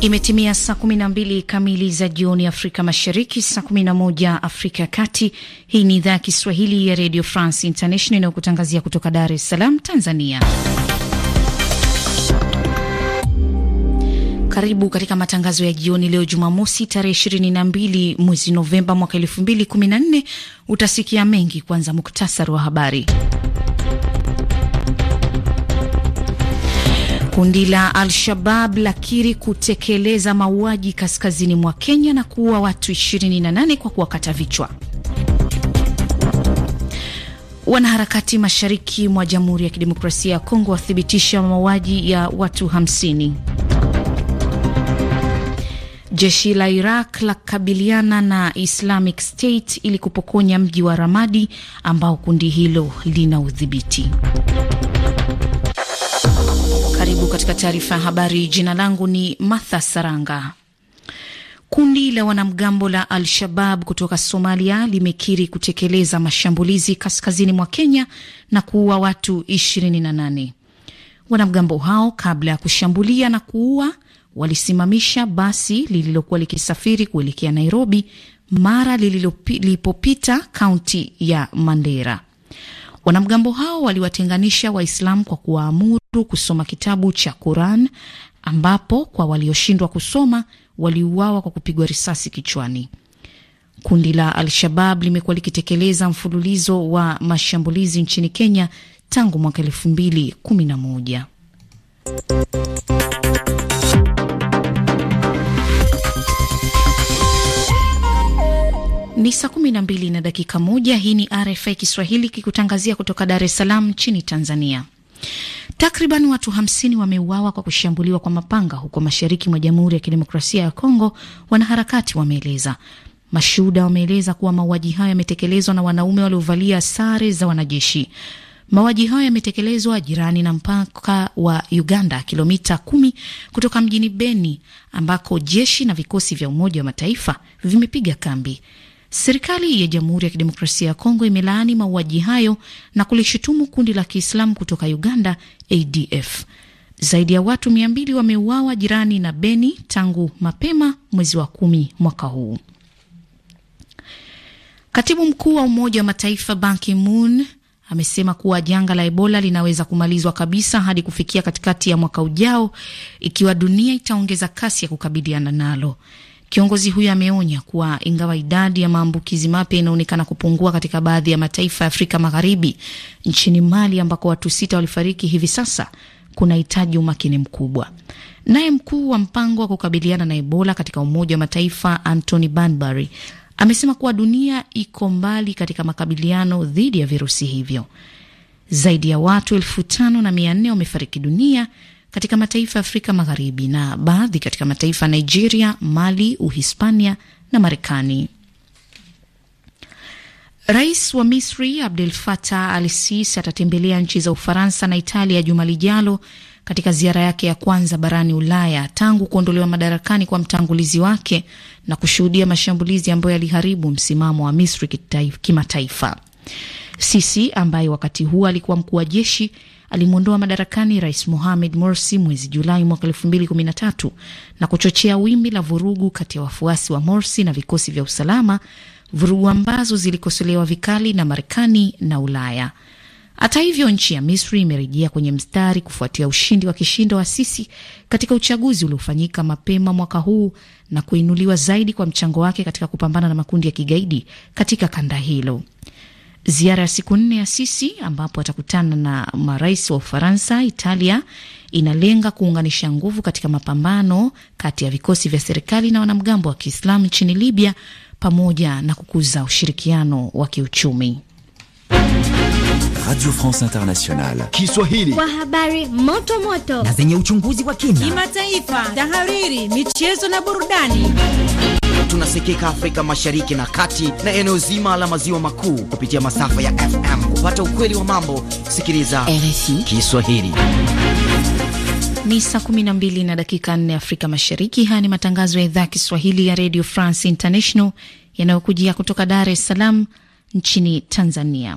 Imetimia saa 12 kamili za jioni Afrika Mashariki, saa 11 Afrika ya Kati. Hii ni idhaa ya Kiswahili ya Radio France International inayokutangazia kutoka Dar es Salaam, Tanzania. Karibu katika matangazo ya jioni leo Jumamosi, tarehe 22 mwezi Novemba mwaka 2014. Utasikia mengi, kwanza muktasari wa habari. Kundi la Al-Shabab la kiri kutekeleza mauaji kaskazini mwa Kenya na kuua watu 28 kwa kuwakata vichwa. Wanaharakati mashariki mwa Jamhuri ya Kidemokrasia ya Kongo wathibitisha mauaji ya watu 50. Jeshi la Iraq la kabiliana na Islamic State ili kupokonya mji wa Ramadi ambao kundi hilo lina udhibiti. Karibu katika taarifa ya habari. Jina langu ni Martha Saranga. Kundi la wanamgambo la Al-Shabab kutoka Somalia limekiri kutekeleza mashambulizi kaskazini mwa Kenya na kuua watu 28. Wanamgambo hao kabla ya kushambulia na kuua walisimamisha basi lililokuwa likisafiri kuelekea Nairobi mara lililopita kaunti ya Mandera. Wanamgambo hao waliwatenganisha Waislamu kwa kuwaamuru kusoma kitabu cha Quran, ambapo kwa walioshindwa kusoma waliuawa kwa kupigwa risasi kichwani. Kundi la Al-Shabab limekuwa likitekeleza mfululizo wa mashambulizi nchini Kenya tangu mwaka 211 Ni saa kumi na mbili na dakika moja. Hii ni RFI Kiswahili kikutangazia kutoka Dar es Salaam nchini Tanzania. Takriban watu hamsini wameuawa kwa kushambuliwa kwa mapanga huko mashariki mwa Jamhuri ya Kidemokrasia ya Kongo, wanaharakati wameeleza. Mashuhuda wameeleza kuwa mauaji hayo yametekelezwa na wanaume waliovalia sare za wanajeshi. Mauaji hayo yametekelezwa jirani na mpaka wa Uganda, kilomita kumi kutoka mjini Beni ambako jeshi na vikosi vya Umoja wa Mataifa vimepiga kambi. Serikali ya Jamhuri ya Kidemokrasia ya Kongo imelaani mauaji hayo na kulishutumu kundi la Kiislamu kutoka Uganda, ADF. Zaidi ya watu mia mbili wameuawa jirani na Beni tangu mapema mwezi wa kumi mwaka huu. Katibu mkuu wa Umoja wa Mataifa Ban Ki-moon amesema kuwa janga la Ebola linaweza kumalizwa kabisa hadi kufikia katikati ya mwaka ujao ikiwa dunia itaongeza kasi ya kukabiliana nalo. Kiongozi huyo ameonya kuwa ingawa idadi ya maambukizi mapya inaonekana kupungua katika baadhi ya mataifa ya Afrika Magharibi, nchini Mali ambako watu sita walifariki hivi sasa kunahitaji umakini mkubwa. Naye mkuu wa mpango wa kukabiliana na Ebola katika Umoja wa Mataifa antony Banbury amesema kuwa dunia iko mbali katika makabiliano dhidi ya virusi hivyo. Zaidi ya watu elfu tano na mia nne wamefariki dunia katika mataifa ya Afrika Magharibi na baadhi katika mataifa ya Nigeria, Mali, Uhispania na Marekani. Rais wa Misri Abdel Fattah al-Sisi atatembelea nchi za Ufaransa na Italia juma lijalo katika ziara yake ya kwanza barani Ulaya tangu kuondolewa madarakani kwa mtangulizi wake na kushuhudia mashambulizi ambayo yaliharibu msimamo wa Misri kimataifa. Sisi ambaye wakati huo alikuwa mkuu wa jeshi alimwondoa madarakani Rais Mohamed Morsi mwezi Julai mwaka 2013 na kuchochea wimbi la vurugu kati ya wafuasi wa Morsi na vikosi vya usalama, vurugu ambazo zilikosolewa vikali na Marekani na Ulaya. Hata hivyo, nchi ya Misri imerejea kwenye mstari kufuatia ushindi wa kishindo wa Sisi katika uchaguzi uliofanyika mapema mwaka huu na kuinuliwa zaidi kwa mchango wake katika kupambana na makundi ya kigaidi katika kanda hilo ziara ya siku nne ya Sisi ambapo atakutana na marais wa Ufaransa, Italia inalenga kuunganisha nguvu katika mapambano kati ya vikosi vya serikali na wanamgambo wa Kiislamu nchini Libya pamoja na kukuza ushirikiano wa kiuchumi. Radio France Internationale Kiswahili kwa habari moto moto na zenye uchunguzi wa kina, kimataifa, tahariri, michezo na burudani. Tunasikika Afrika Mashariki na Kati na eneo zima la maziwa makuu kupitia masafa ya FM. Kupata ukweli wa mambo, sikiliza RFI Kiswahili. Ni saa 12 na dakika 4 Afrika Mashariki. Haya ni matangazo ya idhaa Kiswahili ya Radio France International yanayokujia kutoka Dar es Salaam nchini Tanzania.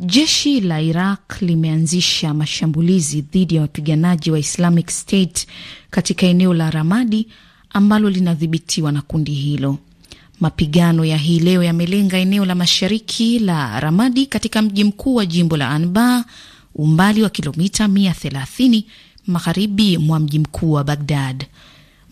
Jeshi la Iraq limeanzisha mashambulizi dhidi ya wapiganaji wa Islamic State katika eneo la Ramadi ambalo linadhibitiwa na kundi hilo. Mapigano ya hii leo yamelenga eneo la mashariki la Ramadi katika mji mkuu wa jimbo la Anbar, umbali wa kilomita 130 magharibi mwa mji mkuu wa Bagdad.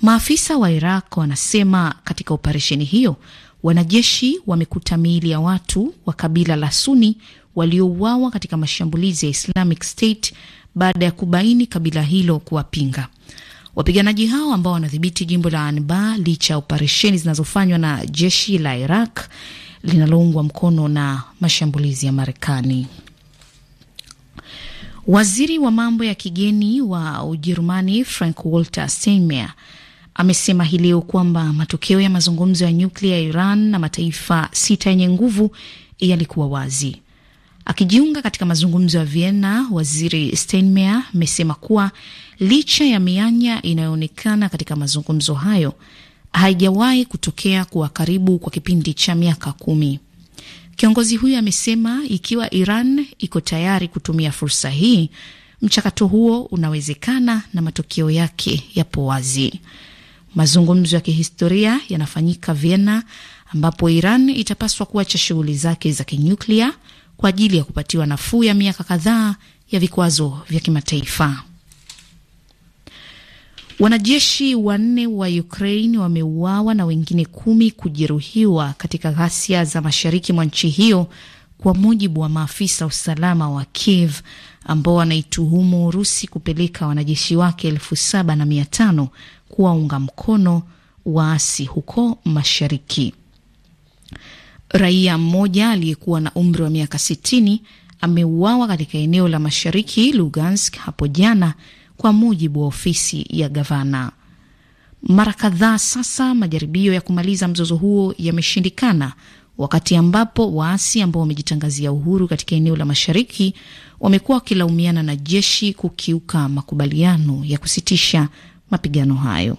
Maafisa wa Iraq wanasema katika operesheni hiyo wanajeshi wamekuta miili ya watu wa kabila la Suni waliouawa katika mashambulizi ya Islamic State baada ya kubaini kabila hilo kuwapinga wapiganaji hao ambao wanadhibiti jimbo la Anbar licha ya operesheni zinazofanywa na jeshi la Iraq linaloungwa mkono na mashambulizi ya Marekani. Waziri wa mambo ya kigeni wa Ujerumani Frank Walter Steinmeier amesema hii leo kwamba matokeo ya mazungumzo ya nyuklia ya Iran na mataifa sita yenye nguvu yalikuwa wazi. Akijiunga katika mazungumzo ya Vienna, waziri Steinmeier amesema kuwa licha ya mianya inayoonekana katika mazungumzo hayo haijawahi kutokea kuwa karibu kwa kipindi cha miaka kumi. Kiongozi huyo amesema ikiwa Iran iko tayari kutumia fursa hii, mchakato huo unawezekana na matokeo yake yapo wazi. Mazungumzo ya kihistoria yanafanyika Vienna, ambapo Iran itapaswa kuacha shughuli zake za kinyuklia kwa ajili ya kupatiwa nafuu ya miaka kadhaa ya vikwazo vya kimataifa. Wanajeshi wanne wa Ukraine wameuawa na wengine kumi kujeruhiwa katika ghasia za mashariki mwa nchi hiyo kwa mujibu wa maafisa usalama wa Kiev ambao wanaituhumu Urusi kupeleka wanajeshi wake elfu saba na mia tano kuwaunga mkono waasi huko mashariki. Raia mmoja aliyekuwa na umri wa miaka 60 ameuawa katika eneo la mashariki Lugansk hapo jana, kwa mujibu wa ofisi ya gavana. Mara kadhaa sasa majaribio ya kumaliza mzozo huo yameshindikana, wakati ambapo waasi ambao wamejitangazia uhuru katika eneo la mashariki wamekuwa wakilaumiana na jeshi kukiuka makubaliano ya kusitisha mapigano hayo.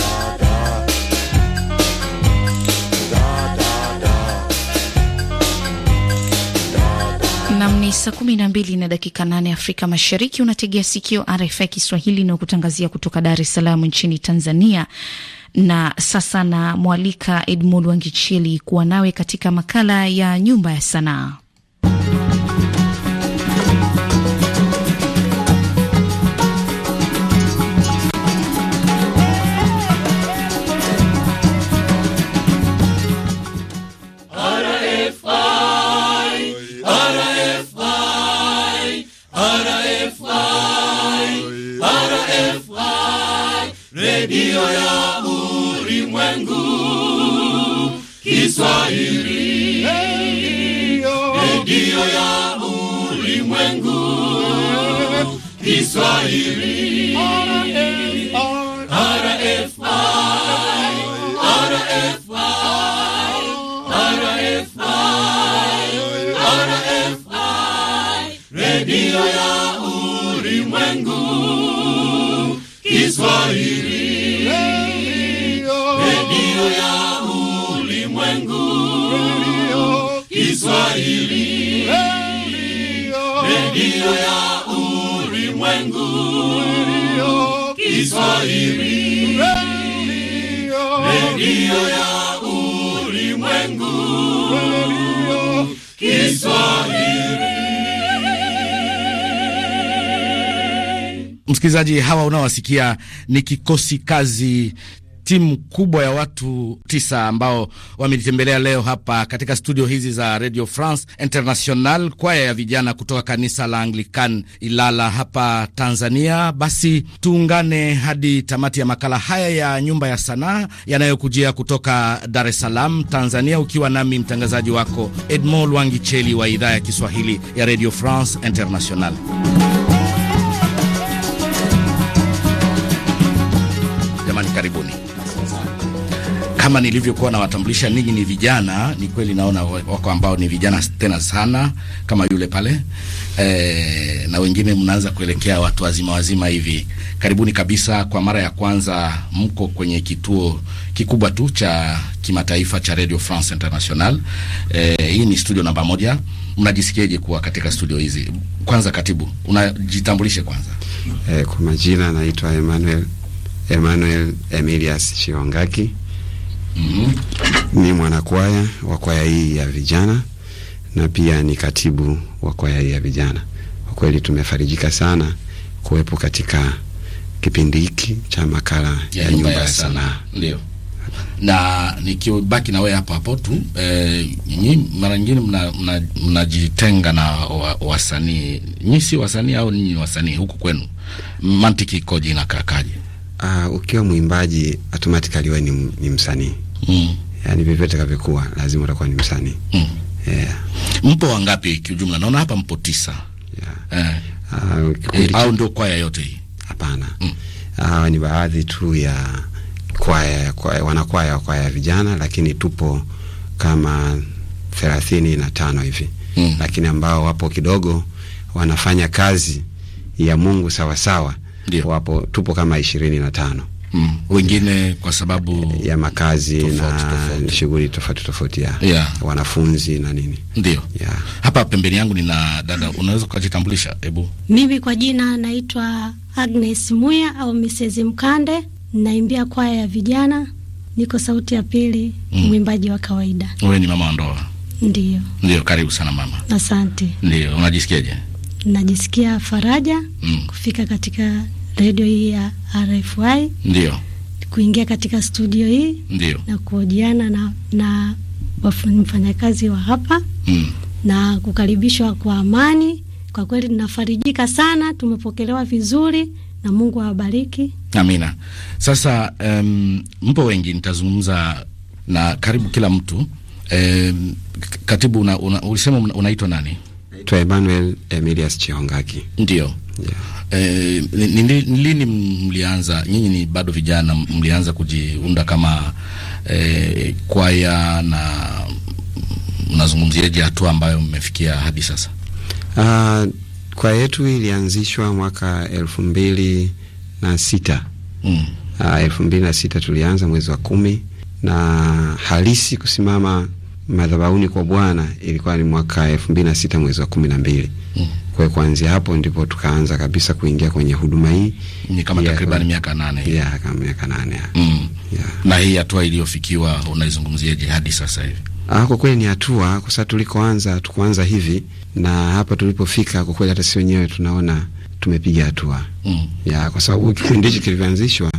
saa 12 na dakika 8 Afrika Mashariki. Unategea sikio RFI Kiswahili na kutangazia kutoka Dar es Salaam nchini Tanzania. Na sasa namwalika edmund Wangicheli kuwa nawe katika makala ya Nyumba ya Sanaa. redio ya ulimwengu Kiswahili, redio ya ulimwengu Kiswahili, RFI, RFI, RFI, RFI, redio ya ulimwengu Kiswahili. mioyo ya ulimwengu Kiswahili redio ya ulimwengu Kiswahili redio ya ulimwengu Kiswahili msikilizaji hawa unaowasikia ni kikosi kazi timu kubwa ya watu tisa ambao wametembelea leo hapa katika studio hizi za Radio France International, kwaya ya vijana kutoka kanisa la Anglican Ilala hapa Tanzania. Basi tuungane hadi tamati ya makala haya ya Nyumba ya Sanaa yanayokujia kutoka Dar es Salaam, Tanzania, ukiwa nami mtangazaji wako Edmond Lwangicheli wa idhaa ya Kiswahili ya Radio France International. kama nilivyokuwa nawatambulisha ninyi ni vijana, ni kweli naona wako ambao ni vijana tena sana kama yule pale e, na wengine mnaanza kuelekea watu wazima wazima hivi. Karibuni kabisa. Kwa mara ya kwanza mko kwenye kituo kikubwa tu cha kimataifa cha Radio France International. E, hii ni studio namba moja. Mnajisikiaje kuwa katika studio hizi? Kwanza katibu, unajitambulishe kwanza. E, kwa majina naitwa Emmanuel Emmanuel Emilias Chiongaki mm -hmm. Ni mwanakwaya wa kwaya hii ya vijana na pia ni katibu wa kwaya hii ya vijana. Kwa kweli tumefarijika sana kuwepo katika kipindi hiki cha makala ya, ya nyumba ya sanaa. Ndio, na nikibaki na wewe hapo hapo tu e, nyinyi mara nyingine mnajitenga mna, mna na wasanii wa nyinyi si wasanii au ninyi ni wasanii huku kwenu, mantiki ikoje, inakakaje? uh, ukiwa mwimbaji automatically wewe ni, ni msanii mm. Yani vyovyote kavyokuwa lazima utakuwa ni msanii mm. yeah. Mpo wangapi kiujumla? Naona hapa mpo tisa yeah. eh. Uh, kikundi eh, au ndio kwaya yote hii? Hapana mm. Uh, ni baadhi tu ya kwaya, kwaya wanakwaya wa kwaya ya vijana, lakini tupo kama thelathini na tano hivi mm. Lakini ambao wapo kidogo wanafanya kazi ya Mungu sawasawa sawa. Ndio. Wapo tupo kama ishirini na tano. Mm. Wengine kwa sababu ya makazi tofauti, na shughuli tofauti tofauti ya yeah. wanafunzi na nini. Ndio. Yeah. Hapa pembeni yangu nina dada, unaweza ukajitambulisha hebu? Mimi kwa jina naitwa Agnes Muya au Mrs Mkande, naimbia kwaya ya vijana, niko sauti ya pili, mm. mwimbaji wa kawaida. Wewe ni mama wa ndoa? Ndio. Ndio, karibu sana mama. Asante. Ndio, unajisikiaje? Najisikia faraja mm. kufika katika redio hii ya RFI ndio kuingia katika studio hii ndio na kuojiana na, na mfanyakazi wa hapa mm. na kukaribishwa kwa amani. Kwa kweli tunafarijika sana, tumepokelewa vizuri na Mungu awabariki. Amina. Sasa um, mpo wengi, nitazungumza na karibu kila mtu um, katibu, una, una, ulisema unaitwa nani? Naitwa Emmanuel Emilius Chihongaki. Ndio. Eh, lini mlianza nyinyi, ni bado vijana, mlianza kujiunda kama eh, kwaya na mnazungumziaje hatua ambayo mmefikia hadi sasa? Uh, kwaya yetu ilianzishwa mwaka elfu mbili na sita mm. Uh, elfu mbili na sita tulianza mwezi wa kumi na halisi kusimama madhabahuni kwa Bwana ilikuwa ni mwaka elfu mbili na sita mwezi wa kumi na mbili. Mm. Kwa kuanzia hapo ndipo tukaanza kabisa kuingia kwenye huduma hii. Ni kama takriban miaka nane. Yeah, kama miaka nane. Mm. Yeah. Na hii hatua iliyofikiwa unaizungumziaje hadi sasa hivi? Ah, kwa kweli ni hatua kwa sababu tulikoanza tukuanza hivi na hapa tulipofika kwa kweli hata si wenyewe tunaona tumepiga hatua. Mm. Ya, kwa sababu kipindi hichi kilivyoanzishwa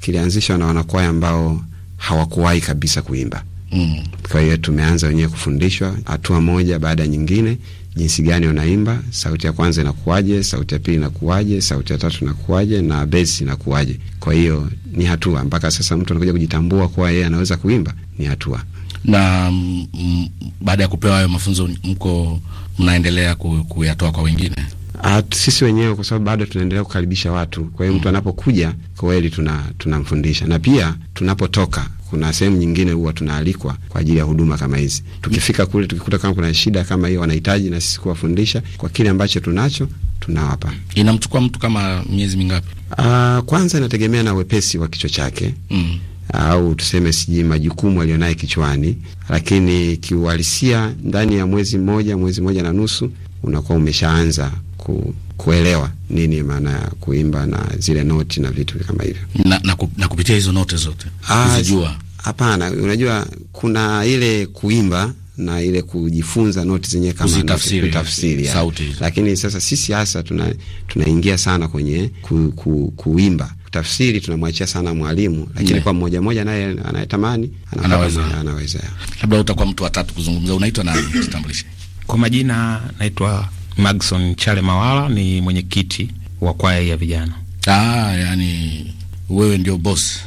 kilianzishwa na wanakwaya ambao hawakuwahi kabisa kuimba. Mm. Kwa hiyo tumeanza wenyewe kufundishwa hatua moja baada ya nyingine, jinsi gani wanaimba, sauti ya kwanza inakuwaje, sauti ya pili inakuwaje, sauti ya tatu inakuwaje na besi inakuwaje. Kwa hiyo ni hatua mpaka sasa mtu anakuja kujitambua kuwa yeye anaweza kuimba, ni hatua. Na mm, mm, baada ya kupewa hayo mafunzo, mko mnaendelea ku, kuyatoa kwa wengine? At, ah, sisi wenyewe kwa sababu bado tunaendelea kukaribisha watu. Kwa hiyo mtu mm. anapokuja kweli tunamfundisha tuna na pia tunapotoka kuna sehemu nyingine huwa tunaalikwa kwa ajili ya huduma kama hizi. Tukifika kule, tukikuta kama kuna shida kama hiyo, wanahitaji na sisi kuwafundisha kwa kile ambacho tunacho tunawapa. Inamchukua mtu kama miezi mingapi? Aa, ah, kwanza inategemea na wepesi wa kichwa chake mm au tuseme sijui majukumu aliyonaye kichwani, lakini kiuhalisia ndani ya mwezi mmoja, mwezi mmoja na nusu unakuwa umeshaanza ku kuelewa nini maana ya kuimba na zile noti na vitu kama hivyo na, na, ku, na kupitia hizo note zote ah, kuzijua. Hapana, unajua kuna ile kuimba na ile kujifunza noti zenyewe kama tafsiri sauti, lakini sasa sisi hasa tuna tunaingia sana kwenye ku, ku, kuimba tafsiri tunamwachia sana mwalimu, lakini yeah. Kwa mmoja mmoja naye anayetamani anaweza, anaweza. Labda utakuwa mtu wa tatu kuzungumza. Unaitwa nani? Jitambulishe kwa majina. Naitwa Magson Chale Mawala ni mwenyekiti wa kwaya ya vijana. Ah, yani wewe ndio boss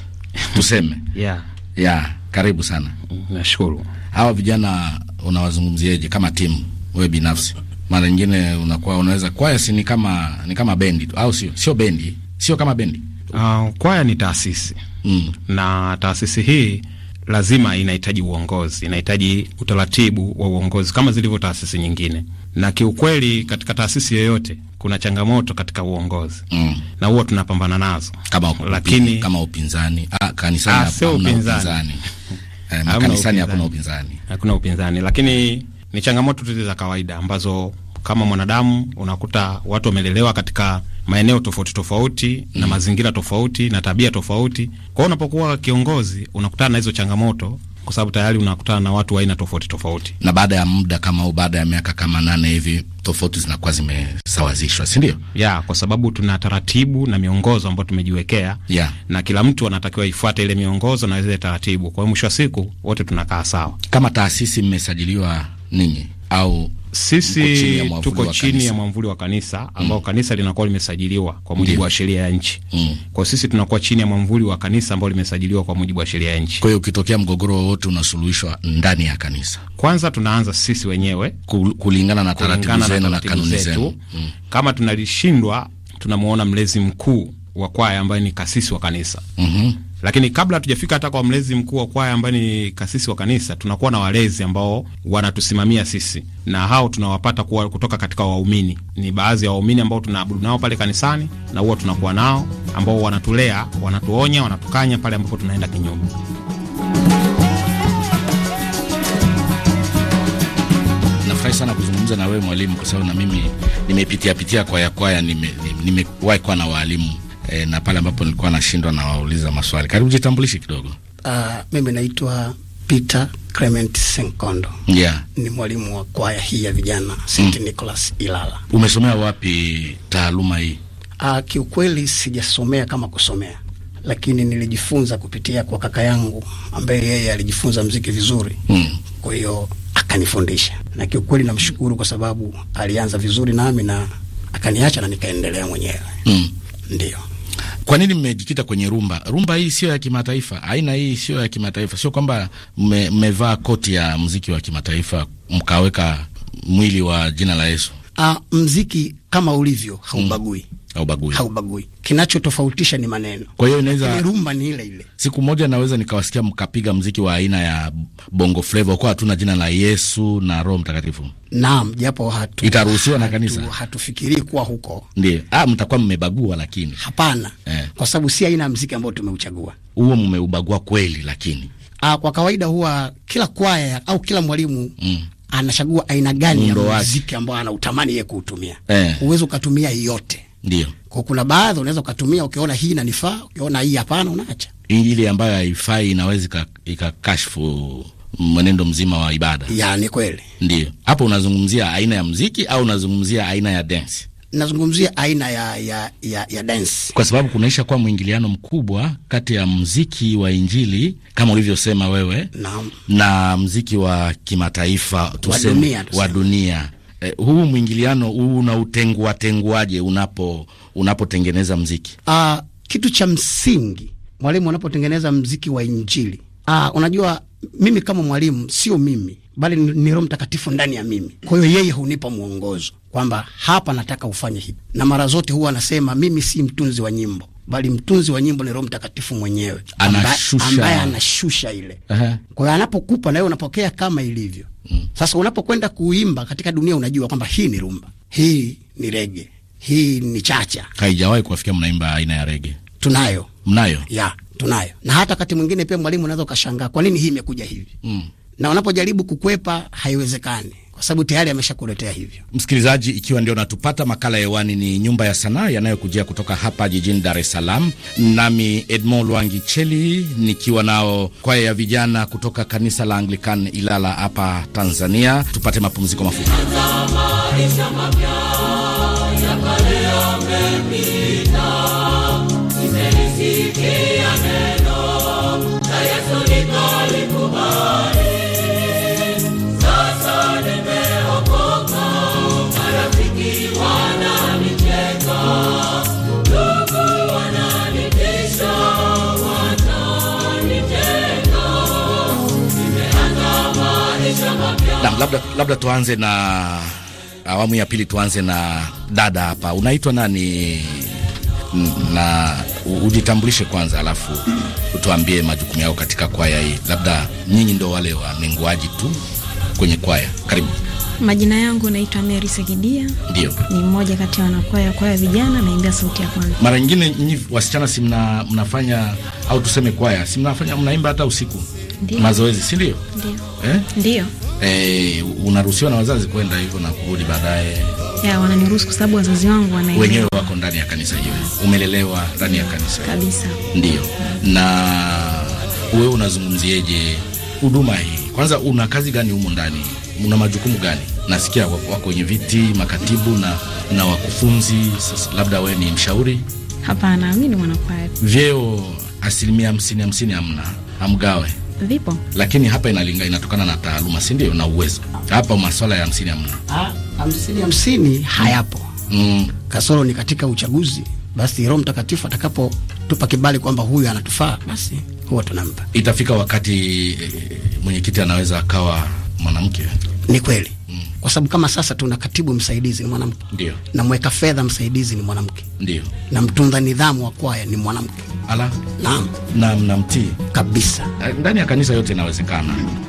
tuseme. yeah. Yeah, karibu sana. Nashukuru. Hawa vijana unawazungumziaje kama timu wewe binafsi? Mara nyingine unakuwa unaweza kwaya si ni kama ni kama bendi tu au sio? Sio bendi, sio kama bendi. Uh, kwaya ni taasisi. Mm. Na taasisi hii lazima inahitaji uongozi, inahitaji utaratibu wa uongozi kama zilivyo taasisi nyingine. Na kiukweli, katika taasisi yoyote kuna changamoto katika uongozi mm. na huwa tunapambana nazo kama, lakini kama upinzani, ah, kanisani ah, upinzani, eh, kanisani hakuna upinzani, hakuna upinzani, lakini ni changamoto tu za kawaida ambazo kama mwanadamu unakuta watu wamelelewa katika maeneo tofauti tofauti mm. na mazingira tofauti na tabia tofauti. Kwa hiyo unapokuwa kiongozi unakutana na hizo changamoto kwa sababu tayari unakutana na watu wa aina tofauti tofauti, na baada ya muda kama au baada ya miaka kama nane hivi tofauti zinakuwa zimesawazishwa, si ndio? Ya, kwa sababu tuna taratibu na miongozo ambayo tumejiwekea ya, na kila mtu anatakiwa ifuate ile miongozo na zile taratibu. Kwa hiyo mwisho wa siku wote tunakaa sawa. Kama taasisi mmesajiliwa ninyi au sisi tuko chini ya mwamvuli wa kanisa mm. ambao mm. kanisa linakuwa limesajiliwa kwa mujibu wa sheria ya nchi mm. Kwa sisi tunakuwa chini ya mwamvuli wa kanisa ambao limesajiliwa kwa mujibu wa sheria ya nchi. Kwa hiyo ukitokea mgogoro wowote unasuluhishwa ndani ya kanisa. Kwanza tunaanza sisi wenyewe kulingana na taratibu zenu na kanuni zetu mm. Kama tunalishindwa, tunamuona mlezi mkuu wa kwaya ambaye ni kasisi wa kanisa mm -hmm. Lakini kabla hatujafika hata kwa mlezi mkuu wa kwaya ambaye ni kasisi wa kanisa, tunakuwa na walezi ambao wanatusimamia sisi, na hao tunawapata kuwa kutoka katika waumini. Ni baadhi ya waumini ambao tunaabudu nao pale kanisani, na huwa tunakuwa nao ambao wanatulea, wanatuonya, wanatukanya pale ambapo tunaenda kinyume. Nafurahi sana kuzungumza na wewe mwalimu, kwa sababu na mimi nimepitia pitia kwaya kwaya, nimewahi kuwa na waalimu e, na pale ambapo nilikuwa nashindwa nawauliza maswali. Karibu jitambulishe kidogo. Uh, mimi naitwa Peter Clement Senkondo. Yeah. Ni mwalimu wa kwaya hii ya vijana St. Mm. Nicholas Ilala. Umesomea wapi taaluma hii? Uh, kiukweli sijasomea kama kusomea lakini nilijifunza kupitia kwa kaka yangu ambaye yeye alijifunza mziki vizuri mm. Kwa hiyo akanifundisha, na kiukweli namshukuru kwa sababu alianza vizuri nami na akaniacha na nikaendelea mwenyewe mm. Ndio. Kwa nini mmejikita kwenye rumba? Rumba hii sio ya kimataifa, aina hii sio ya kimataifa. Sio kwamba mmevaa koti ya mziki wa kimataifa mkaweka mwili wa jina la Yesu uh, mziki kama ulivyo haubagui mm. Haubagui, haubagui. Kinachotofautisha ni maneno. Kwa hiyo inaweza rumba ni ile ile. Siku moja naweza nikawasikia mkapiga mziki wa aina ya bongo flava kwa hatuna jina la Yesu na Roho Mtakatifu. Naam, japo hatu itaruhusiwa na kanisa. Hatufikirii kuwa huko. Ndio. Ah, mtakuwa mmebagua lakini. Hapana. Eh. Kwa sababu si aina ya mziki ambao tumeuchagua. Huo mmeubagua kweli lakini. Ah, kwa kawaida huwa kila kwaya au kila mwalimu mm anachagua aina gani ya muziki ambao anautamani yeye kuutumia. Eh. Uwezo ukatumia yote ndio. Kwa kuna baadhi unaweza ukatumia, ukiona hii inanifaa, ukiona hii hapana, unaacha ile ambayo haifai, inaweza ikakashfu mwenendo mzima wa ibada. Ya, ni kweli. Ndio hapo unazungumzia aina ya muziki au unazungumzia aina ya dance? nazungumzia aina ya, ya, ya, ya dance, kwa sababu kunaisha kuwa mwingiliano mkubwa kati ya mziki wa Injili kama ulivyosema wewe na, na mziki wa kimataifa tuseme, wa dunia, dunia. Eh, huu mwingiliano huu unautengua tenguaje unapo unapotengeneza mziki? Uh, kitu cha msingi mwalimu, unapotengeneza mziki wa Injili uh, unajua mimi kama mwalimu sio mimi bali ni Roho Mtakatifu ndani ya mimi. Kwa hiyo yeye hunipa mwongozo kwamba hapa nataka ufanye hivi, na mara zote huwa anasema mimi si mtunzi wa nyimbo bali mtunzi wa nyimbo ni Roho Mtakatifu mwenyewe ambaye anashusha ile. Kwa hiyo anapokupa na wewe unapokea kama ilivyo. Mm. Sasa unapokwenda kuimba katika dunia unajua kwamba hii ni rumba, hii ni rege, hii ni chacha. Haijawahi kuwafikia mnaimba aina ya rege? Tunayo, mnayo ya tunayo, na hata wakati mwingine pia mwalimu, unaweza ukashangaa kwa nini hii imekuja hivi. Mm na unapojaribu kukwepa haiwezekani kwa sababu tayari ameshakuletea hivyo. Msikilizaji, ikiwa ndio natupata, makala ya hewani ni Nyumba ya Sanaa yanayokujia kutoka hapa jijini Dar es Salaam, nami Edmond Cheli nikiwa nao kwaya ya vijana kutoka kanisa la Anglican Ilala hapa Tanzania. Tupate mapumziko mafupi. labda, labda tuanze na awamu ya pili, tuanze na dada hapa. Unaitwa nani na ujitambulishe kwanza, alafu utuambie majukumu yao katika kwaya hii. Labda nyinyi ndo wale wanenguaji tu kwenye kwaya. Karibu. Majina yangu naitwa Mary Segidia. Ndio. Ni mmoja kati ya wanakwaya kwaya vijana naimbia sauti ya kwanza. Mara nyingine nyinyi wasichana si mnafanya au tuseme kwaya si mnafanya mnaimba hata usiku? Ndiyo. Mazoezi si ndio? Ndio. Eh? Ndio. Eh, unaruhusiwa na wazazi kwenda hivyo na kurudi baadaye? Yeah, wananiruhusu kwa sababu wazazi wangu wanaelewa. Wenyewe wako ndani ya kanisa hiyo. Umelelewa ndani ya kanisa Kabisa. Ndio. Na wewe unazungumzieje huduma hii? Kwanza una kazi gani humo ndani? Una majukumu gani? Nasikia wako wenye viti, makatibu na na wakufunzi. Sasa labda wewe ni mshauri? Hapana, mimi ni mwanakwaya. Vyeo asilimia hamsini hamsini hamna, amgawe vipo, lakini hapa inalinga, inatokana na taaluma, si ndio, na uwezo. Hapa masuala ya hamsini hamna, hamsini hamsini hayapo mm. Kasoro ni katika uchaguzi, basi Roho Mtakatifu atakapotupa kibali kwamba huyu anatufaa, basi huwa tunampa. Itafika wakati e, mwenyekiti anaweza akawa mwanamke ni kweli mm. Kwa sababu kama sasa tuna katibu msaidizi ni mwanamke ndio, na mweka fedha msaidizi ni mwanamke ndio, na mtunza nidhamu wa kwaya ni mwanamke. Ala, naam na mnamtii kabisa eh, ndani ya kanisa, yote inawezekana mm.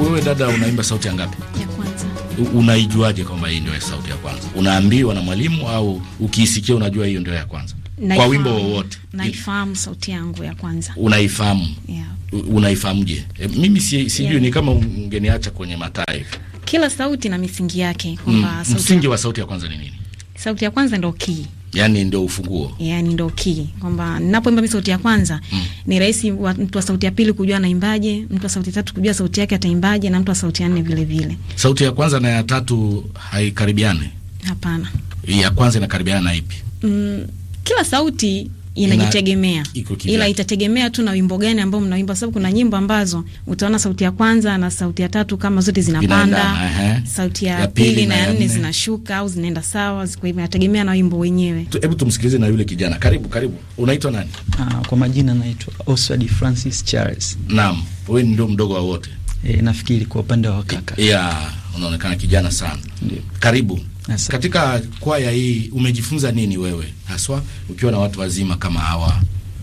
Wewe dada, unaimba sauti ya ngapi? Ya kwanza. Unaijuaje kwamba hii ndio sauti ya kwanza? Unaambiwa na mwalimu au ukiisikia unajua hiyo ndio ya kwanza? Naifamu, kwa wimbo wowote. Naifahamu sauti yangu ya kwanza. Unaifahamu? Yeah. Unaifahamuje? E, mimi si, sijui yeah. Ni kama ungeniacha kwenye mataa hivi. Kila sauti na misingi yake kwamba mm. sauti. Msingi wa sauti ya kwanza ni nini? Sauti ya kwanza ndio key. Yaani ndio ufunguo. Yaani ndio key. Kwamba ninapoimba mimi sauti ya kwanza mm. ni rahisi mtu wa sauti ya pili kujua anaimbaje, mtu wa sauti ya tatu kujua sauti yake ataimbaje na mtu wa sauti ya nne vile vile. Sauti ya kwanza na ya tatu haikaribiani? Hapana. Ya kwanza inakaribiana na ipi? Mm, kila sauti inajitegemea ila itategemea tu na wimbo gani ambao mnaimba, sababu kuna nyimbo ambazo utaona sauti ya kwanza na sauti ya tatu kama zote zinapanda, sauti ya, ya pili na ya nne zinashuka au zinaenda sawa. Kwa hivyo inategemea na wimbo wenyewe. Hebu tumsikilize na yule kijana. Karibu, karibu. Unaitwa nani? Ah, kwa majina naitwa Oswald Francis Charles. Naam, wewe ndio mdogo wa wote e, nafikiri kwa upande wa kaka. Yeah, unaonekana kijana sana. Ndiyo. Karibu. Asa. Katika kwaya hii umejifunza nini wewe haswa ukiwa na watu wazima kama hawa?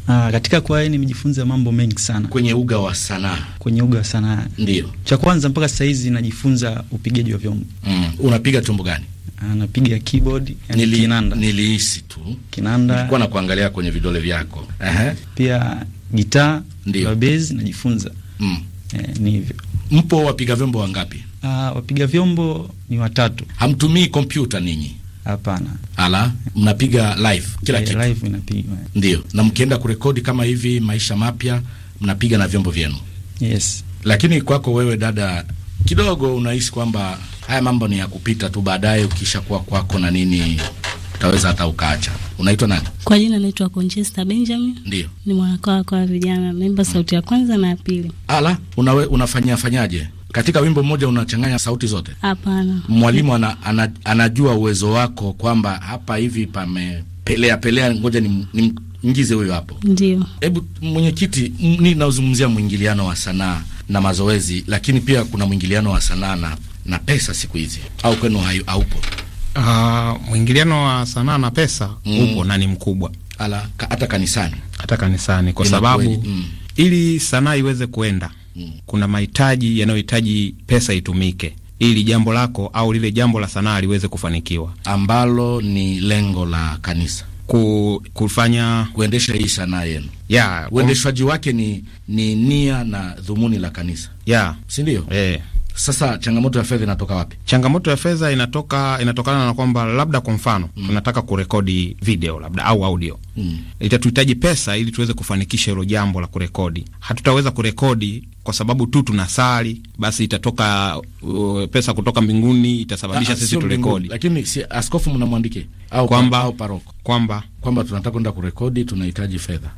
Ah, katika kwaya nimejifunza mambo mengi sana kwenye uga wa sanaa. Kwenye uga wa sanaa ndio cha kwanza, mpaka sasa hizi najifunza upigaji wa vyombo. Mm. Unapiga chombo gani? Anapiga ah, keyboard yani Nili, kinanda. Nilihisi tu kinanda, nilikuwa nakuangalia kuangalia kwenye vidole vyako. Aha. Pia gitaa, ndio bass najifunza. Mm. Eh, ni hivyo. Mpo wapiga vyombo wangapi? Uh, wapiga vyombo ni watatu. Hamtumii kompyuta ninyi? Hapana. Ala, mnapiga live kila kitu? Live inapigwa. Ndio. Na mkienda kurekodi kama hivi maisha mapya, mnapiga na vyombo vyenu? Yes. Lakini kwako wewe dada, kidogo unahisi kwamba haya mambo ni ya kupita tu, baadaye ukishakuwa kwako na nini utaweza hata ukaacha. Unaitwa nani? Kwa jina naitwa Conchester Benjamin. Ndio. Ni mwanakwaya kwa vijana. Naimba mm. sauti ya kwanza na ya pili. Ala, unawe unafanyia fanyaje? Katika wimbo mmoja unachanganya sauti zote? Hapana. Mwalimu ana, ana, anajua uwezo wako kwamba hapa hivi pamepelea pelea, ngoja ni, ni ingize huyo hapo. Ndio. Hebu mwenyekiti, ninazungumzia mwingiliano wa sanaa na mazoezi, lakini pia kuna mwingiliano wa sanaa na na pesa siku hizi, au kwenu haupo? uh, mwingiliano wa sanaa na pesa mm. upo na ni mkubwa ala, hata kanisani, hata kanisani kwa sababu mm. ili sanaa iweze kuenda mm. kuna mahitaji yanayohitaji pesa itumike ili jambo lako au lile jambo la sanaa liweze kufanikiwa, ambalo ni lengo la kanisa ku, kufanya kuendesha hii sanaa yenu. Yeah, uendeshaji wake ni, ni nia na dhumuni la kanisa. Yeah, si ndio? Eh. Sasa changamoto ya fedha inatoka wapi? Changamoto ya fedha inatoka inatokana na kwamba labda kwa mfano mm. tunataka kurekodi video labda au audio mm. itatuhitaji pesa ili tuweze kufanikisha hilo jambo la kurekodi. Hatutaweza kurekodi kwa sababu tu tunasali basi itatoka uh, pesa kutoka mbinguni itasababisha ah, ah, sisi turekodi. Lakini si askofu mnamwandike au kwamba au paroko kwamba kwamba tunataka kwenda kurekodi, tunahitaji fedha.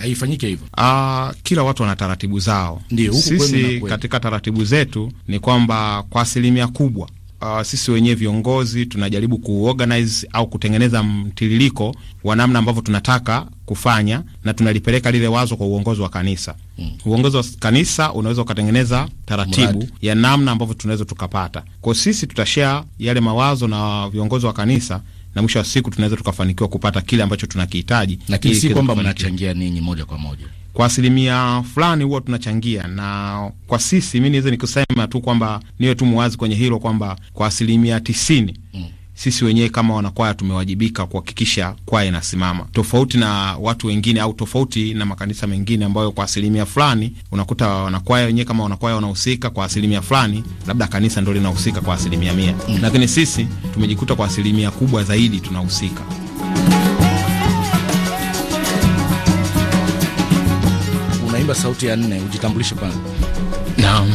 Haifanyike no. hivyo. Ah, kila watu wana taratibu zao. Ndio huko sisi katika taratibu zetu ni kwamba kwa asilimia kubwa uh, sisi wenyewe viongozi tunajaribu kuorganize au kutengeneza mtiririko wa namna ambavyo tunataka kufanya na tunalipeleka lile wazo kwa uongozi wa kanisa. Mm. Uongozi wa kanisa unaweza ukatengeneza taratibu Murad. ya namna ambavyo tunaweza tukapata. Kwa sisi tutashare yale mawazo na viongozi wa kanisa na mwisho wa siku tunaweza tukafanikiwa kupata kile ambacho tunakihitaji, lakini si kwamba mnachangia ninyi moja kwa moja. Kwa asilimia fulani huwa tunachangia, na kwa sisi, mi niweze nikusema tu kwamba niwe tu muwazi kwenye hilo kwamba kwa asilimia tisini mm sisi wenyewe kama wanakwaya tumewajibika kuhakikisha kwaya inasimama, tofauti na watu wengine au tofauti na makanisa mengine ambayo kwa asilimia fulani unakuta wanakwaya wenyewe kama wanakwaya wanahusika kwa asilimia fulani, labda kanisa ndo linahusika kwa asilimia mia, mm. lakini sisi tumejikuta kwa asilimia kubwa zaidi tunahusika. Unaimba sauti ya nne, ujitambulishe bana. Naam,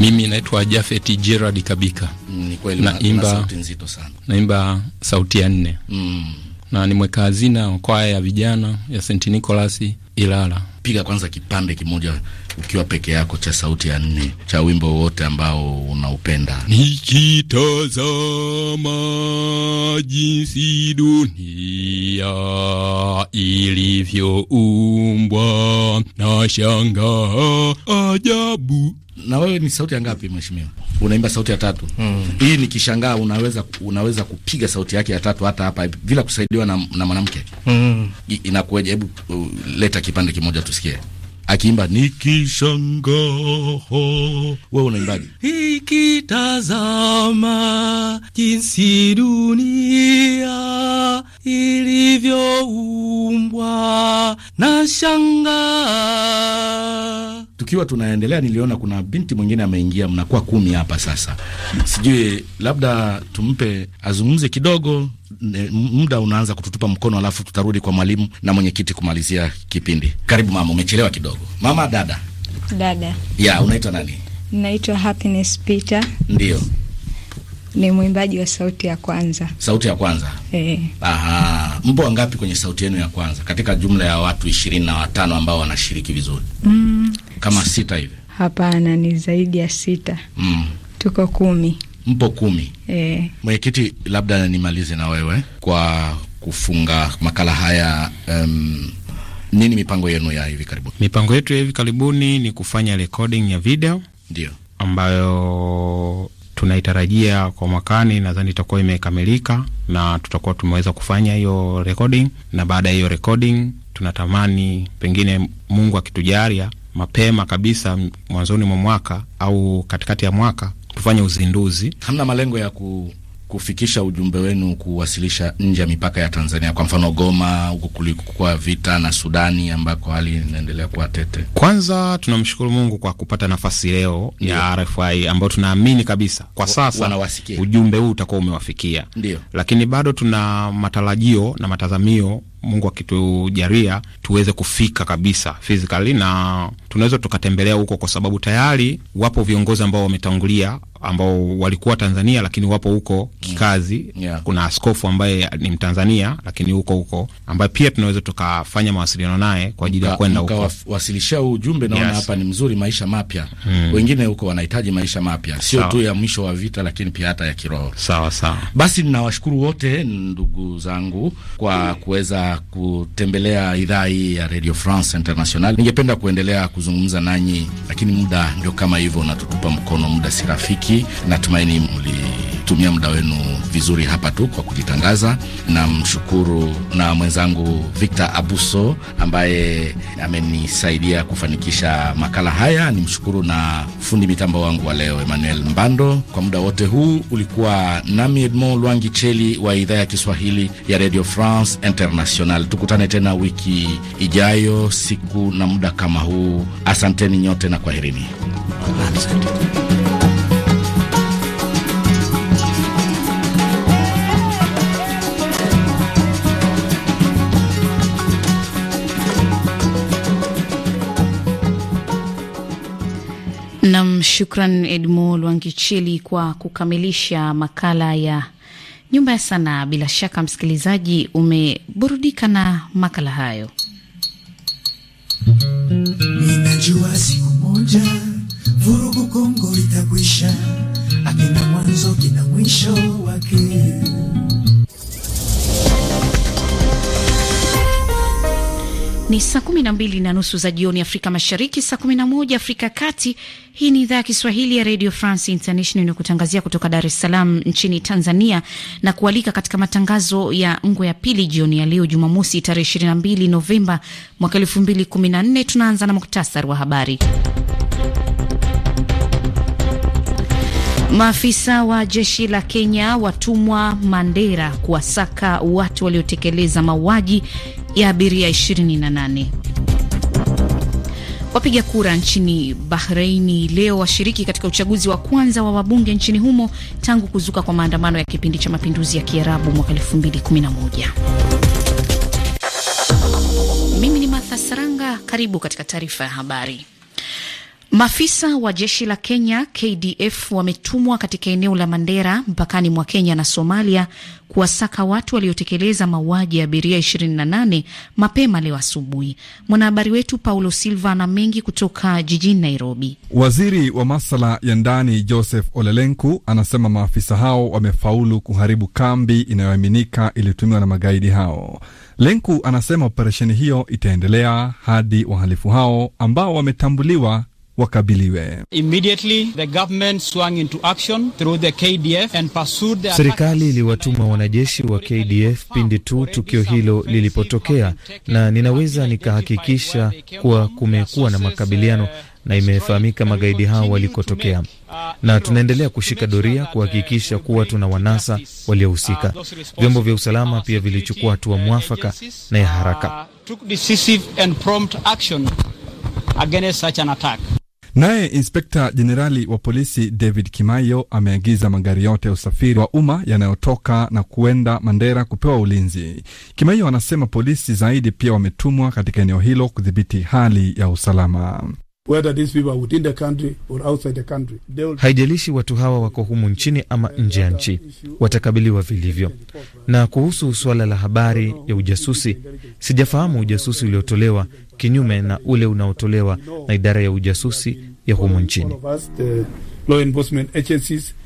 mimi naitwa Jafeti Gerard Kabika ni kweli naimba sauti nzito sana, naimba sauti ya nne mm. na ni mweka hazina wa kwaya ya vijana ya St Nicholas Ilala. Piga kwanza kipande kimoja ukiwa peke yako cha sauti ya nne cha wimbo wote ambao unaupenda. Nikitazama jinsi dunia ilivyoumbwa na shangaa ajabu na wewe ni sauti ya ngapi mheshimiwa? Unaimba sauti ya tatu. Mm. Hii nikishangaa unaweza unaweza kupiga sauti yake ya tatu hata hapa bila kusaidiwa na, na mwanamke. Mm. Inakuja, Hebu uh, leta kipande kimoja tusikie akiimba nikishangaa. Wewe unaimbaje? Nikitazama jinsi dunia ilivyoumbwa na shangaa. Tukiwa tunaendelea, niliona kuna binti mwingine ameingia, mnakuwa kumi hapa sasa. Sijui labda tumpe azungumze kidogo muda unaanza kututupa mkono, alafu tutarudi kwa mwalimu na mwenyekiti kumalizia kipindi. Karibu mama, umechelewa kidogo. Mama dada dada, ya unaitwa nani? Naitwa Happiness Peter. Ndio, ni mwimbaji wa Sauti ya Kwanza. Sauti ya Kwanza e. Aha, mpo wangapi kwenye sauti yenu ya kwanza katika jumla ya watu ishirini na watano ambao wanashiriki vizuri? mm. kama sita hivi? Hapana, ni zaidi ya sita. mm. tuko kumi mpo kumi e. Mwenyekiti, labda nimalize na wewe kwa kufunga makala haya um, nini mipango yenu ya hivi karibuni? Mipango yetu ya hivi karibuni ni kufanya recording ya video ndio ambayo tunaitarajia kwa mwakani, nadhani itakuwa imekamilika na tutakuwa tumeweza kufanya hiyo recording, na baada ya hiyo recording tunatamani pengine Mungu akitujalia mapema kabisa mwanzoni mwa mwaka au katikati ya mwaka kufanya uzinduzi. Hamna malengo ya ku kufikisha ujumbe wenu kuwasilisha nje ya mipaka ya Tanzania, kwa mfano Goma, huko kulikuwa vita na Sudani ambako hali inaendelea kuwa tete. Kwanza tunamshukuru Mungu kwa kupata nafasi leo Ndiyo. RFI ambayo tunaamini kabisa kwa sasa wanawasikia ujumbe huu utakuwa umewafikia. Ndiyo. Lakini bado tuna matarajio na matazamio Mungu akitujaria tuweze kufika kabisa physically, na tunaweza tukatembelea huko, kwa sababu tayari wapo viongozi ambao wametangulia ambao walikuwa Tanzania lakini wapo huko kikazi. Mm. Yeah. Kuna askofu ambaye ni Mtanzania lakini huko huko ambaye pia tunaweza tukafanya mawasiliano naye kwa ajili ya kwenda huko wasilishia huu ujumbe. Naona hapa yes, ni mzuri, maisha mapya mm. Wengine huko wanahitaji maisha mapya, sio tu ya mwisho wa vita, lakini pia hata ya kiroho. Sawa sawa, basi ninawashukuru wote ndugu zangu kwa kuweza kutembelea idhaa hii ya Radio France International. Ningependa kuendelea kuzungumza nanyi, lakini muda ndio kama hivyo unatutupa mkono, muda si rafiki. Natumaini mli kutumia muda wenu vizuri hapa tu kwa kujitangaza. Namshukuru na mwenzangu Victor Abuso ambaye amenisaidia kufanikisha makala haya. Nimshukuru na fundi mitambo wangu wa leo Emmanuel Mbando. Kwa muda wote huu ulikuwa nami Edmond Lwangi Cheli wa idhaa ya Kiswahili ya Radio France International. Tukutane tena wiki ijayo, siku na muda kama huu. Asanteni nyote na kwaherini. Asante. Nam, shukran Edmo Lwangicheli kwa kukamilisha makala ya nyumba ya sanaa. Bila shaka, msikilizaji, umeburudika na makala hayo. Ninajua siku moja vurugu Kongo itakwisha, akina mwanzo kina mwisho wake. Ni saa 12 na nusu za jioni Afrika Mashariki, saa 11 Afrika ya Kati. Hii ni idhaa ya Kiswahili ya Radio France International inayokutangazia kutoka Dar es Salaam nchini Tanzania na kualika katika matangazo ya ngo ya pili jioni ya leo Jumamosi tarehe 22 Novemba mwaka nne. Tunaanza na muktasari wa habari. Maafisa wa jeshi la Kenya watumwa Mandera kuwasaka watu waliotekeleza mauaji ya abiria 28. Wapiga kura nchini Bahreini leo washiriki katika uchaguzi wa kwanza wa wabunge nchini humo tangu kuzuka kwa maandamano ya kipindi cha mapinduzi ya Kiarabu mwaka 2011. Mimi ni Martha Saranga, karibu katika taarifa ya habari. Maafisa wa jeshi la Kenya KDF wametumwa katika eneo la Mandera mpakani mwa Kenya na Somalia kuwasaka watu waliotekeleza mauaji ya abiria 28 mapema leo asubuhi. Mwanahabari wetu Paulo Silva ana mengi kutoka jijini Nairobi. Waziri wa masala ya ndani Joseph Olelenku anasema maafisa hao wamefaulu kuharibu kambi inayoaminika iliyotumiwa na magaidi hao. Lenku anasema operesheni hiyo itaendelea hadi wahalifu hao ambao wametambuliwa wakabiliwe. Serikali iliwatuma wanajeshi wa KDF pindi tu tukio hilo lilipotokea, na ninaweza nikahakikisha kuwa kumekuwa na makabiliano na imefahamika magaidi hao walikotokea, na tunaendelea kushika doria kuhakikisha kuwa tuna wanasa waliohusika. Vyombo vya usalama pia vilichukua hatua mwafaka na ya haraka uh, Naye inspekta jenerali wa polisi David Kimayo ameagiza magari yote ya usafiri wa umma yanayotoka na kuenda Mandera kupewa ulinzi. Kimayo anasema polisi zaidi pia wametumwa katika eneo hilo kudhibiti hali ya usalama. Haijalishi watu hawa wako humu nchini ama nje ya nchi, watakabiliwa vilivyo. Na kuhusu suala la habari ya ujasusi, sijafahamu ujasusi uliotolewa kinyume na ule unaotolewa na idara ya ujasusi ya humu nchini.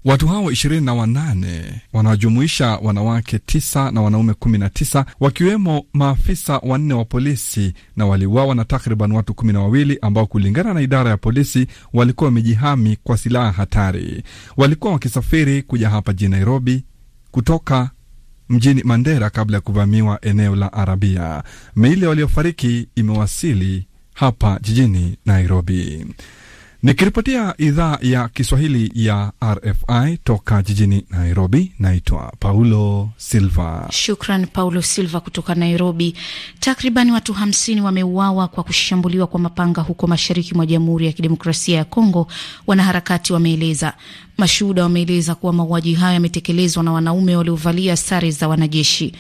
Watu hao ishirini na wanane wanajumuisha wanawake tisa na wanaume kumi na tisa wakiwemo maafisa wanne wa polisi na waliuawa na takriban watu kumi na wawili ambao kulingana na idara ya polisi walikuwa wamejihami kwa silaha hatari. Walikuwa wakisafiri kuja hapa jijini Nairobi kutoka mjini Mandera kabla ya kuvamiwa eneo la Arabia. Miili waliofariki imewasili hapa jijini Nairobi. Nikiripotia idhaa ya Kiswahili ya RFI toka jijini Nairobi, naitwa Paulo Silva. Shukran Paulo Silva kutoka Nairobi. Takriban watu 50 wameuawa kwa kushambuliwa kwa mapanga huko mashariki mwa Jamhuri ya Kidemokrasia ya Kongo, wanaharakati wameeleza. Mashuhuda wameeleza kuwa mauaji hayo yametekelezwa na wanaume waliovalia sare za wanajeshi.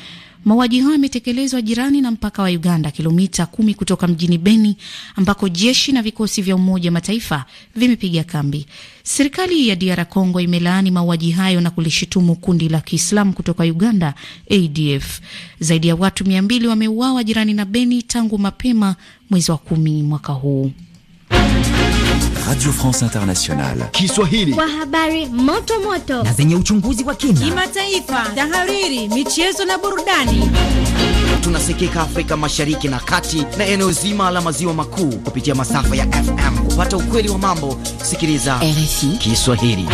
Mauaji hayo yametekelezwa jirani na mpaka wa Uganda, kilomita kumi kutoka mjini Beni, ambako jeshi na vikosi vya Umoja wa Mataifa vimepiga kambi. Serikali ya DR Congo imelaani mauaji hayo na kulishutumu kundi la Kiislamu kutoka Uganda, ADF. Zaidi ya watu mia mbili wameuawa jirani na Beni tangu mapema mwezi wa kumi mwaka huu. Radio France Internationale. Kiswahili. Kwa habari moto moto na zenye uchunguzi wa kina, kimataifa, tahariri, michezo na burudani. Tunasikika Afrika Mashariki na Kati na eneo zima la maziwa makuu kupitia masafa ya FM. Kupata ukweli wa mambo, sikiliza RFI Kiswahili.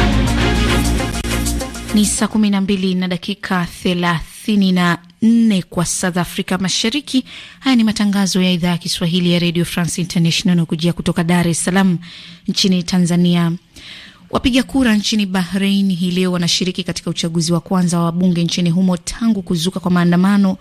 Ni saa 12 na dakika 30 na nne kwa south Africa Afrika Mashariki. Haya ni matangazo ya idhaa ya Kiswahili ya Radio France International, nakujia kutoka Dar es Salaam nchini Tanzania. Wapiga kura nchini Bahrain hii leo wanashiriki katika uchaguzi wa kwanza wa bunge nchini humo tangu kuzuka kwa maandamano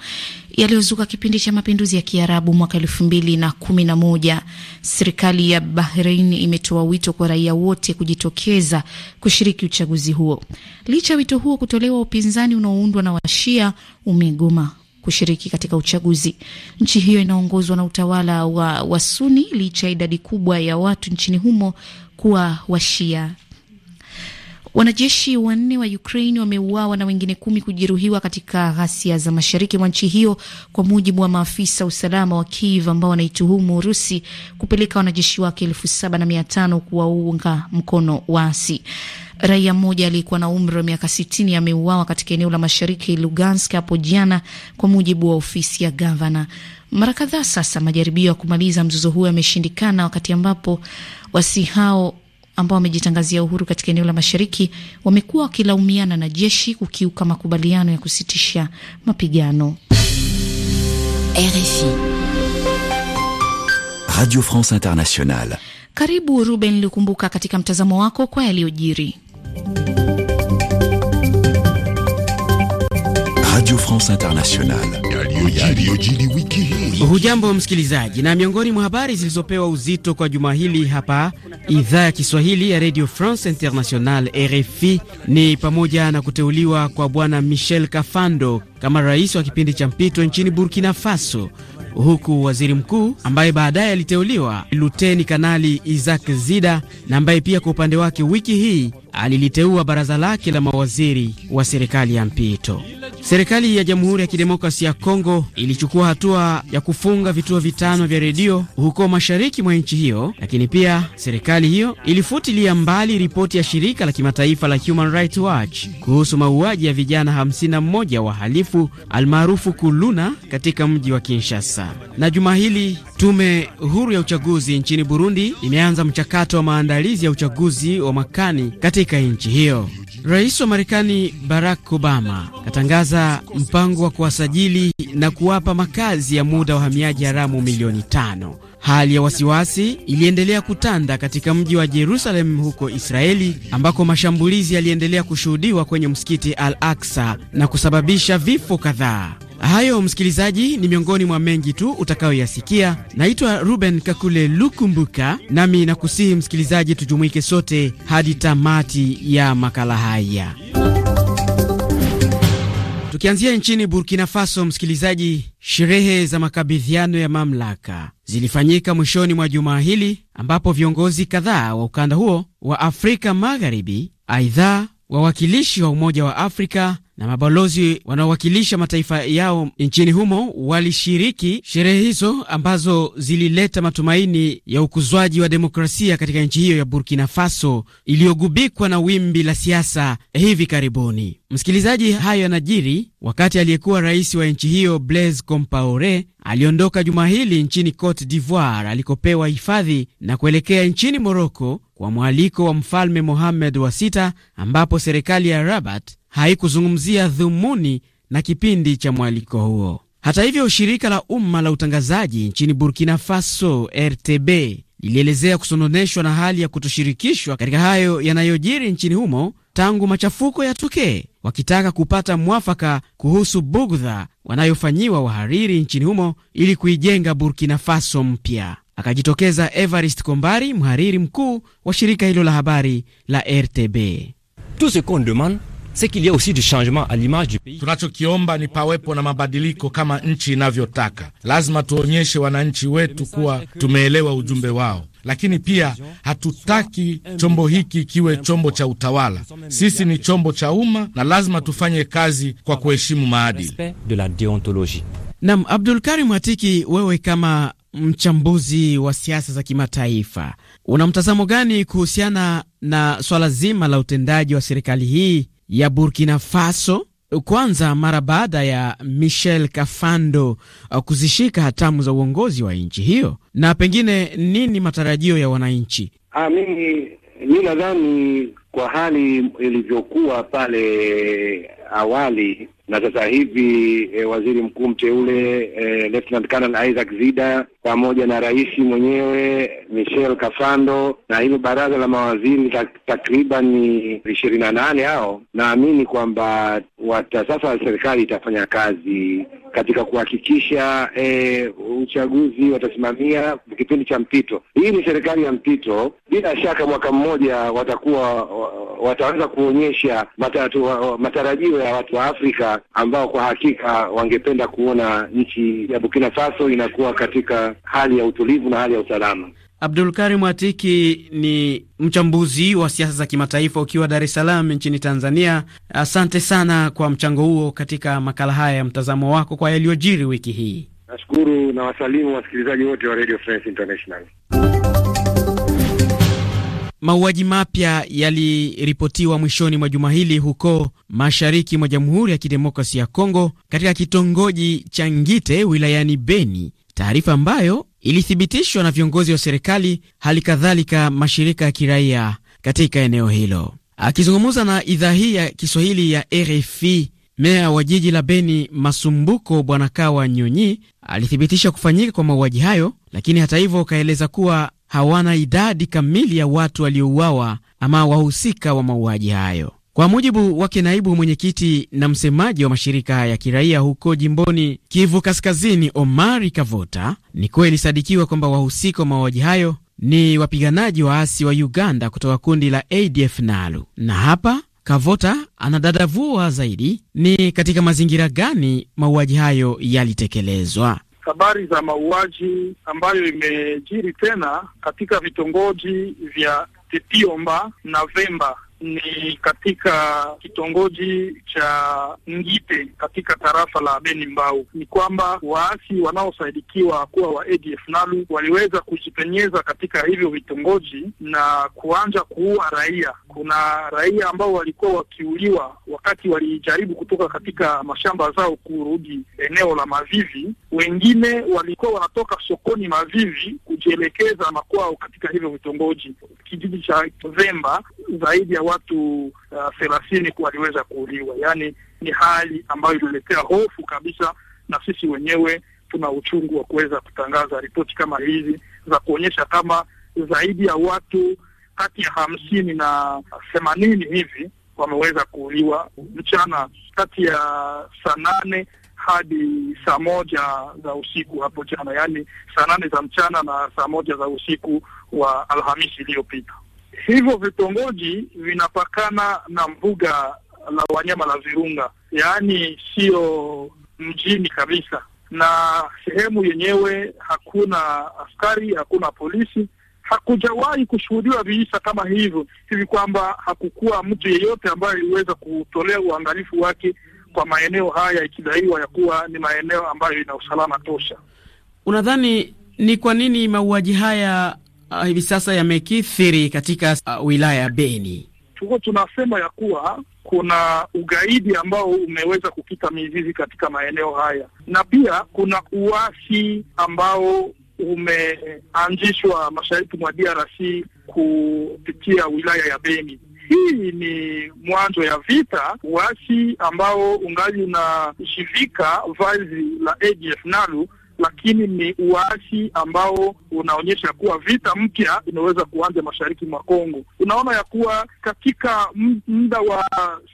yaliyozuka kipindi cha mapinduzi ya Kiarabu mwaka elfu mbili na kumi na moja. Serikali ya Bahrain imetoa wito kwa raia wote kujitokeza kushiriki uchaguzi huo. Licha ya wito huo kutolewa, upinzani unaoundwa na Washia umegoma kushiriki katika uchaguzi. Nchi hiyo inaongozwa na utawala wa Wasuni licha ya idadi kubwa ya watu nchini humo kuwa Washia. Wanajeshi wanne wa Ukraine wameuawa na wengine kumi kujeruhiwa katika ghasia za mashariki mwa nchi hiyo, kwa mujibu wa maafisa usalama wa Kiev ambao wanaituhumu Urusi kupeleka wanajeshi wake elfu saba na mia tano kuwaunga mkono waasi. Raia mmoja aliyekuwa na umri wa miaka sitini ameuawa katika eneo la mashariki Lugansk hapo jana, kwa mujibu wa ofisi ya gavana. Mara kadhaa sasa majaribio ya kumaliza mzozo huo yameshindikana, wakati ambapo wasi hao ambao wamejitangazia uhuru katika eneo la mashariki wamekuwa wakilaumiana na jeshi kukiuka makubaliano ya kusitisha mapigano. RFI Radio France Internationale. Karibu Ruben Likumbuka, katika mtazamo wako kwa yaliyojiri. Radio France Internationale. Yaliyojiri wiki hii. Hujambo msikilizaji, na miongoni mwa habari zilizopewa uzito kwa juma hili hapa idhaa ya Kiswahili ya Radio France International RFI ni pamoja na kuteuliwa kwa bwana Michel Kafando kama rais wa kipindi cha mpito nchini Burkina Faso, huku waziri mkuu ambaye baadaye aliteuliwa Luteni Kanali Isaac Zida na ambaye pia kwa upande wake wiki hii aliliteua baraza lake la mawaziri wa serikali ya mpito. Serikali ya Jamhuri ya kidemokrasi ya Kongo ilichukua hatua ya kufunga vituo vitano vya redio huko mashariki mwa nchi hiyo, lakini pia serikali hiyo ilifutilia mbali ripoti ya shirika la kimataifa la Human Rights Watch kuhusu mauaji ya vijana 51 wahalifu almaarufu kuluna katika mji wa Kinshasa. Na juma hili tume huru ya uchaguzi nchini Burundi imeanza mchakato wa maandalizi ya uchaguzi wa makani katika katika nchi hiyo. Rais wa Marekani Barack Obama katangaza mpango wa kuwasajili na kuwapa makazi ya muda wahamiaji haramu milioni tano. Hali ya wasiwasi iliendelea kutanda katika mji wa Jerusalem huko Israeli, ambako mashambulizi yaliendelea kushuhudiwa kwenye msikiti Al Aksa na kusababisha vifo kadhaa. Hayo msikilizaji, ni miongoni mwa mengi tu utakayoyasikia. Naitwa Ruben Kakule Lukumbuka, nami nakusihi msikilizaji, tujumuike sote hadi tamati ya makala haya. Tukianzia nchini Burkina Faso, msikilizaji, sherehe za makabidhiano ya mamlaka zilifanyika mwishoni mwa jumaa hili ambapo viongozi kadhaa wa ukanda huo wa Afrika Magharibi aidha wawakilishi wa Umoja wa Afrika na mabalozi wanaowakilisha mataifa yao nchini humo walishiriki sherehe hizo ambazo zilileta matumaini ya ukuzwaji wa demokrasia katika nchi hiyo ya Burkina Faso iliyogubikwa na wimbi la siasa hivi karibuni. Msikilizaji, hayo yanajiri wakati aliyekuwa rais wa nchi hiyo Blaise Compaore aliondoka juma hili nchini Cote d'Ivoire alikopewa hifadhi na kuelekea nchini Moroko kwa mwaliko wa mfalme Mohammed wa sita, ambapo serikali ya Rabat haikuzungumzia dhumuni na kipindi cha mwaliko huo. Hata hivyo, shirika la umma la utangazaji nchini Burkina Faso RTB lilielezea kusononeshwa na hali ya kutoshirikishwa katika hayo yanayojiri nchini humo tangu machafuko yatokee, wakitaka kupata mwafaka kuhusu bugdha wanayofanyiwa wahariri nchini humo ili kuijenga Burkina Faso mpya. Akajitokeza Evarist Kombari, mhariri mkuu wa shirika hilo la habari la RTB. Tunachokiomba ni pawepo na mabadiliko kama nchi inavyotaka. Lazima tuonyeshe wananchi wetu kuwa tumeelewa ujumbe wao, lakini pia hatutaki chombo hiki kiwe chombo cha utawala. Sisi ni chombo cha umma na lazima tufanye kazi kwa kuheshimu maadili. Nam Abdul Karim Hatiki, wewe kama mchambuzi wa siasa za kimataifa, una mtazamo gani kuhusiana na swala zima la utendaji wa serikali hii ya Burkina Faso, kwanza mara baada ya Michel Kafando uh, kuzishika hatamu za uongozi wa nchi hiyo, na pengine nini matarajio ya wananchi? Ah, mimi mi nadhani kwa hali ilivyokuwa pale awali na sasa hivi e, waziri mkuu mteule e, Lieutenant Colonel Isaac Zida pamoja na rais mwenyewe Michel Kafando na hilo baraza la mawaziri tak, takriban ishirini na nane hao, naamini kwamba sasa serikali itafanya kazi katika kuhakikisha e, uchaguzi watasimamia kipindi cha mpito. Hii ni serikali ya mpito, bila shaka mwaka mmoja watakuwa wataweza kuonyesha matatu, matarajio ya watu wa Afrika ambao kwa hakika wangependa kuona nchi ya Burkina Faso inakuwa katika hali ya utulivu na hali ya usalama. Karim Atiki ni mchambuzi wa siasa za kimataifa ukiwa Dar es Salaam nchini Tanzania. Asante sana kwa mchango huo katika makala haya ya mtazamo wako kwa yaliyojiri wiki hii. Nashukuru na wasalimu wasikilizaji wote wa Radio France International. Mauaji mapya yaliripotiwa mwishoni mwa juma hili huko mashariki mwa Jamhuri ya kidemokrasi ya Kongo katika kitongoji cha Ngite wilayani Beni, taarifa ambayo ilithibitishwa na viongozi wa serikali, hali kadhalika mashirika ya kiraia katika eneo hilo. Akizungumza na idhaa hii ya Kiswahili ya RFI, meya wa jiji la Beni Masumbuko Bwana Kawa Nyonyi alithibitisha kufanyika kwa mauaji hayo, lakini hata hivyo akaeleza kuwa hawana idadi kamili ya watu waliouawa ama wahusika wa mauaji hayo. Kwa mujibu wake naibu mwenyekiti na msemaji wa mashirika ya kiraia huko jimboni Kivu Kaskazini, Omari Kavota, ni kuwa ilisadikiwa kwamba wahusika wa mauaji hayo ni wapiganaji waasi wa Uganda kutoka kundi la ADF NALU. Na hapa Kavota anadadavua zaidi ni katika mazingira gani mauaji hayo yalitekelezwa. Habari za mauaji ambayo imejiri tena katika vitongoji vya Tepiomba na Vemba ni katika kitongoji cha Ngipe katika tarafa la Beni Mbau. Ni kwamba waasi wanaosaidikiwa kuwa wa ADF Nalu waliweza kujipenyeza katika hivyo vitongoji na kuanja kuua raia. Kuna raia ambao walikuwa wakiuliwa wakati walijaribu kutoka katika mashamba zao kurudi eneo la Mavivi. Wengine walikuwa wanatoka sokoni Mavivi kujielekeza makwao katika hivyo vitongoji, kijiji cha Vemba zaidi ya watu uh, thelathini uh, waliweza kuuliwa. Yaani ni hali ambayo ililetea hofu kabisa, na sisi wenyewe tuna uchungu wa kuweza kutangaza ripoti kama hizi za kuonyesha kama zaidi ya watu kati ya hamsini na themanini hivi wameweza kuuliwa mchana kati ya saa nane hadi saa moja za usiku hapo jana, yaani saa nane za mchana na saa moja za usiku wa Alhamisi iliyopita. Hivyo vitongoji vinapakana na mbuga la wanyama la Virunga, yaani siyo mjini kabisa, na sehemu yenyewe hakuna askari, hakuna polisi. Hakujawahi kushuhudiwa viisa kama hivyo hivi, kwamba hakukuwa mtu yeyote ambaye aliweza kutolea uangalifu wake kwa maeneo haya, ikidaiwa ya kuwa ni maeneo ambayo ina usalama tosha. Unadhani ni kwa nini mauaji haya uh, hivi sasa yamekithiri katika uh, wilaya ya Beni. Tuko tunasema ya kuwa kuna ugaidi ambao umeweza kukita mizizi katika maeneo haya, na pia kuna uasi ambao umeanzishwa mashariki mwa DRC kupitia wilaya ya Beni. Hii ni mwanzo ya vita uasi ambao ungali unashivika vazi la ADF NALU lakini ni uasi ambao unaonyesha kuwa vita mpya imeweza kuanza mashariki mwa Kongo. Unaona ya kuwa katika muda wa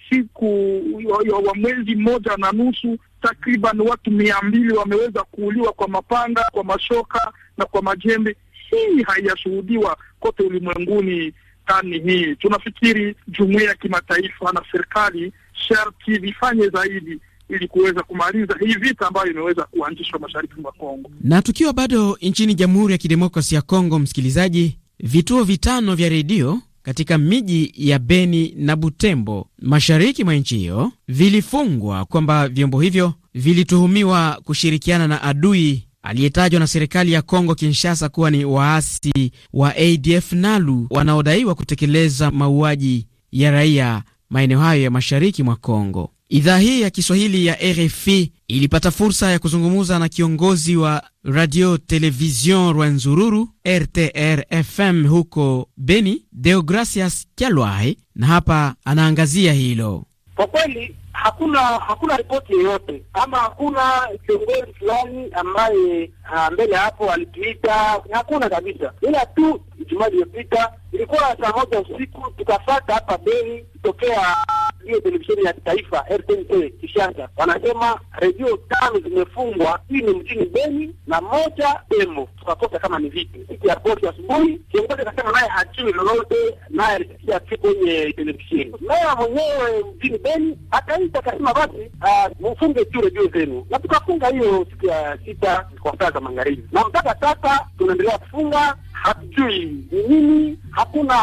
siku wa, wa mwezi mmoja na nusu takriban watu mia mbili wameweza kuuliwa kwa mapanga, kwa mashoka na kwa majembe. Hii haiyashuhudiwa kote ulimwenguni tani hii. Tunafikiri jumuiya ya kimataifa na serikali sharti vifanye zaidi ili kuweza kumaliza hii vita ambayo imeweza kuanzishwa mashariki mwa Kongo. Na tukiwa bado nchini Jamhuri ya Kidemokrasia ya Kongo, msikilizaji, vituo vitano vya redio katika miji ya Beni na Butembo mashariki mwa nchi hiyo vilifungwa kwamba vyombo hivyo vilituhumiwa kushirikiana na adui aliyetajwa na serikali ya Kongo Kinshasa kuwa ni waasi wa ADF Nalu wanaodaiwa kutekeleza mauaji ya raia maeneo hayo ya mashariki mwa Kongo. Idhaa hii ya Kiswahili ya RFI ilipata fursa ya kuzungumza na kiongozi wa Radio Television Rwenzururu RTR FM huko Beni, Deogracias Kyalwai, na hapa anaangazia hilo. Kwa kweli hakuna hakuna ripoti yoyote ama hakuna kiongozi fulani ambaye ah, mbele hapo alituita, hakuna kabisa, ila tu Ijumaa iliyopita ilikuwa saa moja usiku tukafata hapa Beni tokea hiyo televisheni ya taifa RTNK Kishasa, wanasema redio tano zimefungwa, hii ni mjini Beni na moja Embo. Tukakosa kama ni vipi. Siku ya posi asubuhi, kiongozi akasema naye hajui lolote, naye alisikia tu kwenye televisheni. Meya mwenyewe mjini Beni akaita akasema, basi ah, mfunge tu redio zenu, na tukafunga hiyo siku ya sita kwa saa za magharibi, na mpaka sasa tunaendelea kufunga hatujui ni nini, hakuna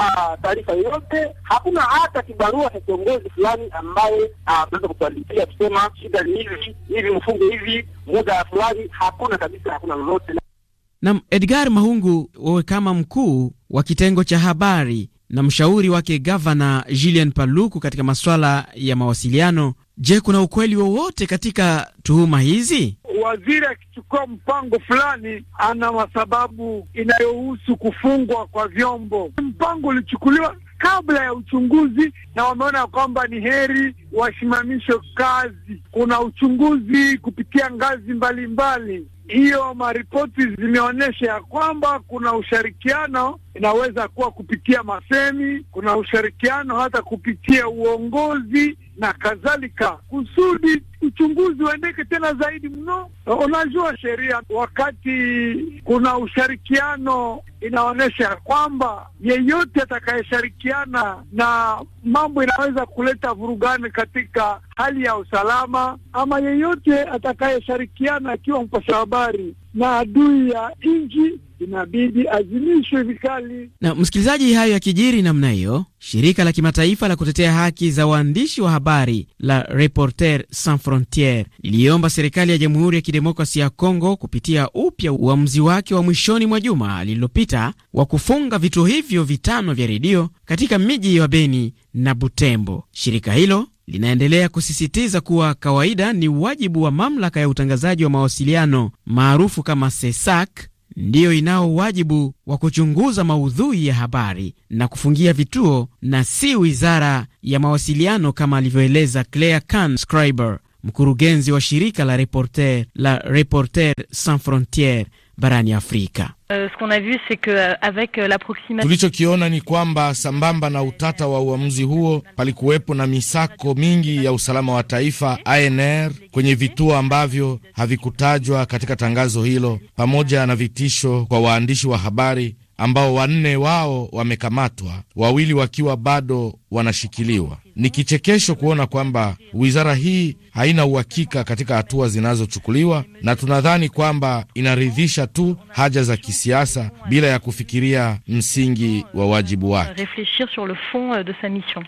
taarifa yoyote, hakuna hata kibarua cha kiongozi fulani ambaye tunaweza ah, kutuandikia kusema shida ni hivi hivi, mfunge hivi muda fulani. Hakuna kabisa, hakuna lolote. Na Edgar Mahungu, wewe kama mkuu wa kitengo cha habari na mshauri wake gavana Julien Paluku katika masuala ya mawasiliano, je, kuna ukweli wowote katika tuhuma hizi? waziri akichukua mpango fulani ana masababu inayohusu kufungwa kwa vyombo. Mpango ulichukuliwa kabla ya uchunguzi na wameona kwamba ni heri wasimamishe kazi. Kuna uchunguzi kupitia ngazi mbalimbali mbali hiyo maripoti zimeonyesha ya kwamba kuna ushirikiano, inaweza kuwa kupitia masemi, kuna ushirikiano hata kupitia uongozi na kadhalika, kusudi uchunguzi uendeke tena zaidi mno. Unajua, sheria wakati kuna ushirikiano inaonyesha ya kwamba yeyote atakayeshirikiana na mambo inaweza kuleta vurugani katika hali ya usalama ama yeyote atakayeshirikiana akiwa mpasha habari na adui ya nchi inabidi azimishwe vikali. Na msikilizaji, hayo yakijiri namna hiyo, shirika la kimataifa la kutetea haki za waandishi wa habari la Reporter Sans Frontiere liliomba serikali ya Jamhuri ya Kidemokrasia ya Kongo kupitia upya uamuzi wake wa mwishoni mwa juma lililopita wa kufunga vituo hivyo vitano vya redio katika miji ya Beni na Butembo. Shirika hilo linaendelea kusisitiza kuwa kawaida ni wajibu wa mamlaka ya utangazaji wa mawasiliano maarufu kama SESAK ndiyo inao wajibu wa kuchunguza maudhui ya habari na kufungia vituo na si wizara ya mawasiliano kama alivyoeleza Claire can Scriber, mkurugenzi wa shirika la Reporter la Reporter Sans frontiere barani Afrika. Euh, euh, euh, Tulichokiona ni kwamba sambamba na utata wa uamuzi huo, palikuwepo na misako mingi ya usalama wa taifa ANR kwenye vituo ambavyo havikutajwa katika tangazo hilo, pamoja na vitisho kwa waandishi wa habari ambao wanne wao wamekamatwa, wawili wakiwa bado wanashikiliwa. Ni kichekesho kuona kwamba wizara hii haina uhakika katika hatua zinazochukuliwa, na tunadhani kwamba inaridhisha tu haja za kisiasa bila ya kufikiria msingi wa wajibu wake. Euh,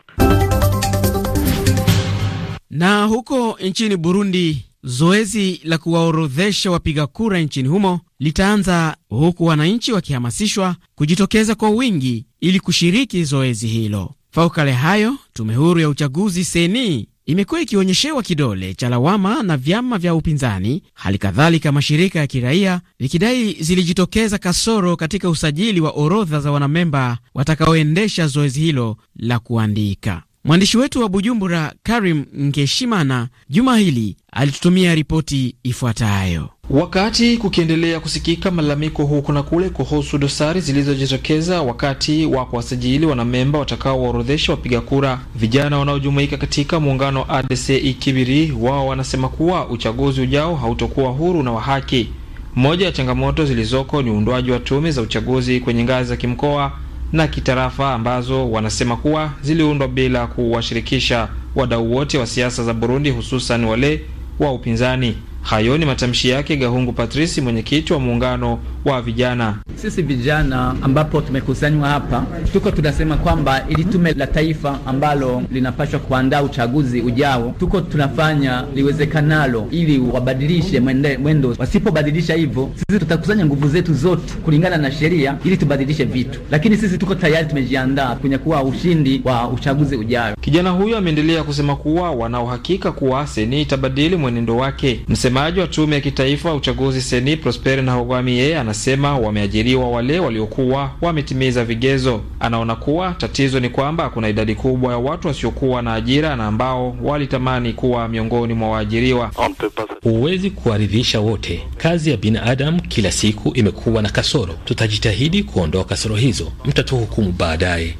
na huko nchini Burundi Zoezi la kuwaorodhesha wapiga kura nchini humo litaanza huku wananchi wakihamasishwa kujitokeza kwa wingi ili kushiriki zoezi hilo. Faukale hayo, tume huru ya uchaguzi seni imekuwa ikionyeshewa kidole cha lawama na vyama vya upinzani, hali kadhalika mashirika ya kiraia vikidai zilijitokeza kasoro katika usajili wa orodha za wanamemba watakaoendesha zoezi hilo la kuandika. Mwandishi wetu wa Bujumbura, Karim Ngeshimana, juma hili alitutumia ripoti ifuatayo. Wakati kukiendelea kusikika malalamiko huku na kule kuhusu dosari zilizojitokeza wakati wa kuwasajili wanamemba watakaowaorodhesha wapiga kura, vijana wanaojumuika katika muungano wa ADCI Kibiri, wao wanasema kuwa uchaguzi ujao hautokuwa huru na wa haki. Moja ya changamoto zilizoko ni uundwaji wa tume za uchaguzi kwenye ngazi za kimkoa na kitarafa ambazo wanasema kuwa ziliundwa bila kuwashirikisha wadau wote wa siasa za Burundi, hususan wale wa upinzani. Hayo ni matamshi yake Gahungu Patrisi, mwenyekiti wa muungano wa vijana. Sisi vijana ambapo tumekusanywa hapa, tuko tunasema kwamba ili tume la taifa ambalo linapaswa kuandaa uchaguzi ujao, tuko tunafanya liwezekanalo ili wabadilishe mwende, mwendo. Wasipobadilisha hivyo, sisi tutakusanya nguvu zetu zote kulingana na sheria ili tubadilishe vitu, lakini sisi tuko tayari, tumejiandaa kwenye kuwa ushindi wa uchaguzi ujao. Kijana huyo ameendelea kusema kuwa wanaohakika kuwa seni itabadili mwenendo wake Mse Msemaji wa tume ya kitaifa uchaguzi Seni Prosper Ntahogwamiye anasema wameajiriwa wale waliokuwa wametimiza vigezo. Anaona kuwa tatizo ni kwamba kuna idadi kubwa ya watu wasiokuwa na ajira na ambao walitamani kuwa miongoni mwa waajiriwa. Huwezi kuwaridhisha wote. Kazi ya binadamu kila siku imekuwa na kasoro. Tutajitahidi kuondoa kasoro hizo, mtatuhukumu baadaye.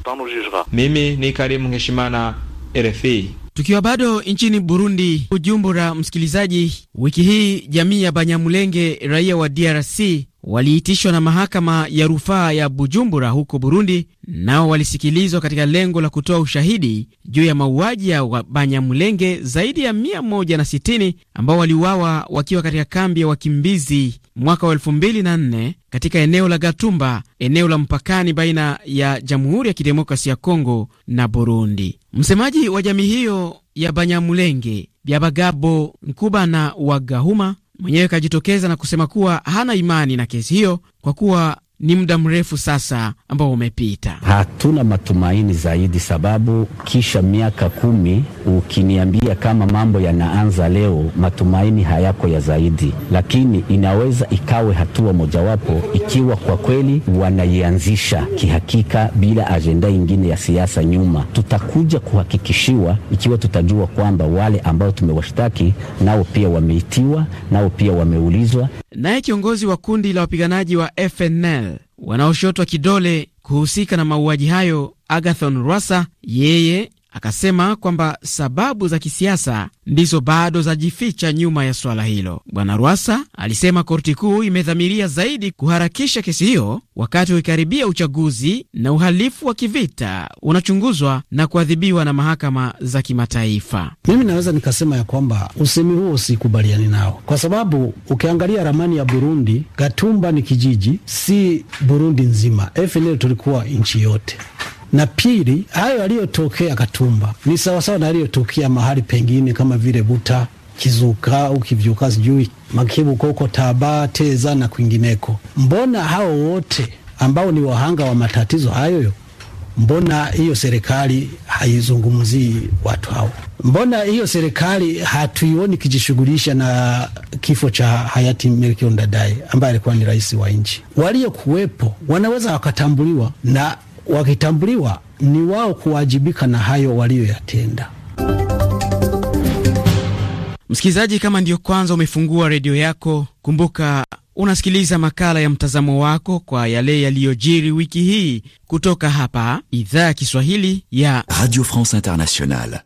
Mimi ni Karimu Heshimana, RFI. Tukiwa bado nchini Burundi, Bujumbura msikilizaji, wiki hii jamii ya Banyamulenge, raia wa DRC waliitishwa na mahakama ya rufaa ya Bujumbura huko Burundi, nao walisikilizwa katika lengo la kutoa ushahidi juu ya mauaji ya Banyamulenge zaidi ya 160 ambao waliuawa wakiwa katika kambi ya wakimbizi mwaka wa 2004 katika eneo la Gatumba, eneo la mpakani baina ya Jamhuri ya Kidemokrasi ya Kongo na Burundi. Msemaji wa jamii hiyo ya Banyamulenge, Byabagabo Nkubana wa gahuma mwenyewe kajitokeza na kusema kuwa hana imani na kesi hiyo kwa kuwa ni muda mrefu sasa ambao umepita. Hatuna matumaini zaidi, sababu kisha miaka kumi, ukiniambia kama mambo yanaanza leo, matumaini hayako ya zaidi, lakini inaweza ikawe hatua mojawapo, ikiwa kwa kweli wanaianzisha kihakika bila ajenda ingine ya siasa nyuma. Tutakuja kuhakikishiwa ikiwa tutajua kwamba wale ambao tumewashtaki nao pia wameitiwa, nao pia wameulizwa. Naye kiongozi wa kundi la wapiganaji wa FNL wanaoshotwa kidole kuhusika na mauaji hayo, Agathon Rwasa, yeye Akasema kwamba sababu za kisiasa ndizo bado zajificha nyuma ya swala hilo. Bwana Rwasa alisema korti kuu imedhamiria zaidi kuharakisha kesi hiyo wakati ukikaribia uchaguzi, na uhalifu wa kivita unachunguzwa na kuadhibiwa na mahakama za kimataifa. Mimi naweza nikasema ya kwamba usemi huo sikubaliani nao, kwa sababu ukiangalia ramani ya Burundi, Gatumba ni kijiji, si Burundi nzima. FNL tulikuwa nchi yote na pili, hayo aliyotokea Katumba ni sawasawa na aliyotokea mahali pengine kama vile Buta, Kizuka au Kivyuka, sijui Makibu, Koko, Taba, Teza na kwingineko. Mbona hao wote ambao ni wahanga wa matatizo hayo, mbona hiyo serikali haizungumzii watu hao? Mbona hiyo serikali hatuioni kijishughulisha na kifo cha hayati Melchior Ndadaye ambaye alikuwa ni rais wa nchi? Waliokuwepo wanaweza wakatambuliwa na wakitambuliwa ni wao kuwajibika na hayo waliyoyatenda. Msikilizaji, kama ndiyo kwanza umefungua redio yako, kumbuka unasikiliza makala ya mtazamo wako kwa yale yaliyojiri wiki hii kutoka hapa idhaa ya Kiswahili ya Radio France Internationale.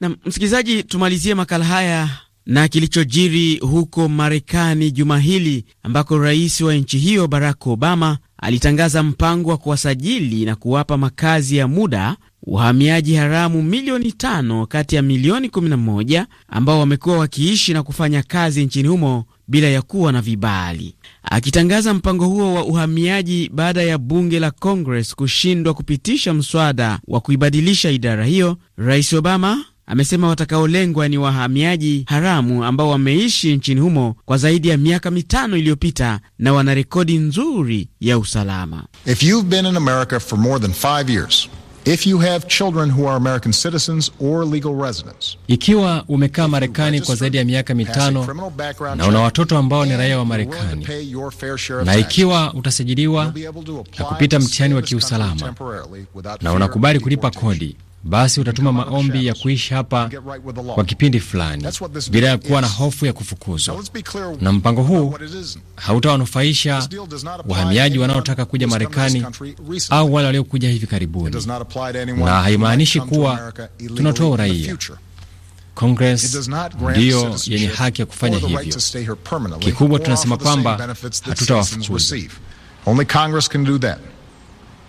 Na msikilizaji, tumalizie makala haya na kilichojiri huko Marekani juma hili ambako rais wa nchi hiyo Barack Obama alitangaza mpango wa kuwasajili na kuwapa makazi ya muda wahamiaji haramu milioni tano kati ya milioni 11 ambao wamekuwa wakiishi na kufanya kazi nchini humo bila ya kuwa na vibali. Akitangaza mpango huo wa uhamiaji baada ya bunge la Congress kushindwa kupitisha mswada wa kuibadilisha idara hiyo, Rais Obama amesema watakaolengwa ni wahamiaji haramu ambao wameishi nchini humo kwa zaidi ya miaka mitano iliyopita na wana rekodi nzuri ya usalama. If you've been in America for more than five years, if you have children who are American citizens or legal residents, ikiwa umekaa Marekani kwa zaidi ya miaka mitano na una watoto ambao ni raia wa Marekani, na ikiwa utasajiliwa na kupita mtihani wa kiusalama na unakubali kulipa kodi basi utatuma maombi ya kuishi hapa kwa kipindi fulani bila ya kuwa na hofu ya kufukuzwa. Na mpango huu hautawanufaisha wahamiaji wanaotaka kuja Marekani au wale waliokuja hivi karibuni, na haimaanishi kuwa tunatoa uraia. Kongres ndiyo yenye haki ya kufanya hivyo. Kikubwa tunasema kwamba hatutawafukuza.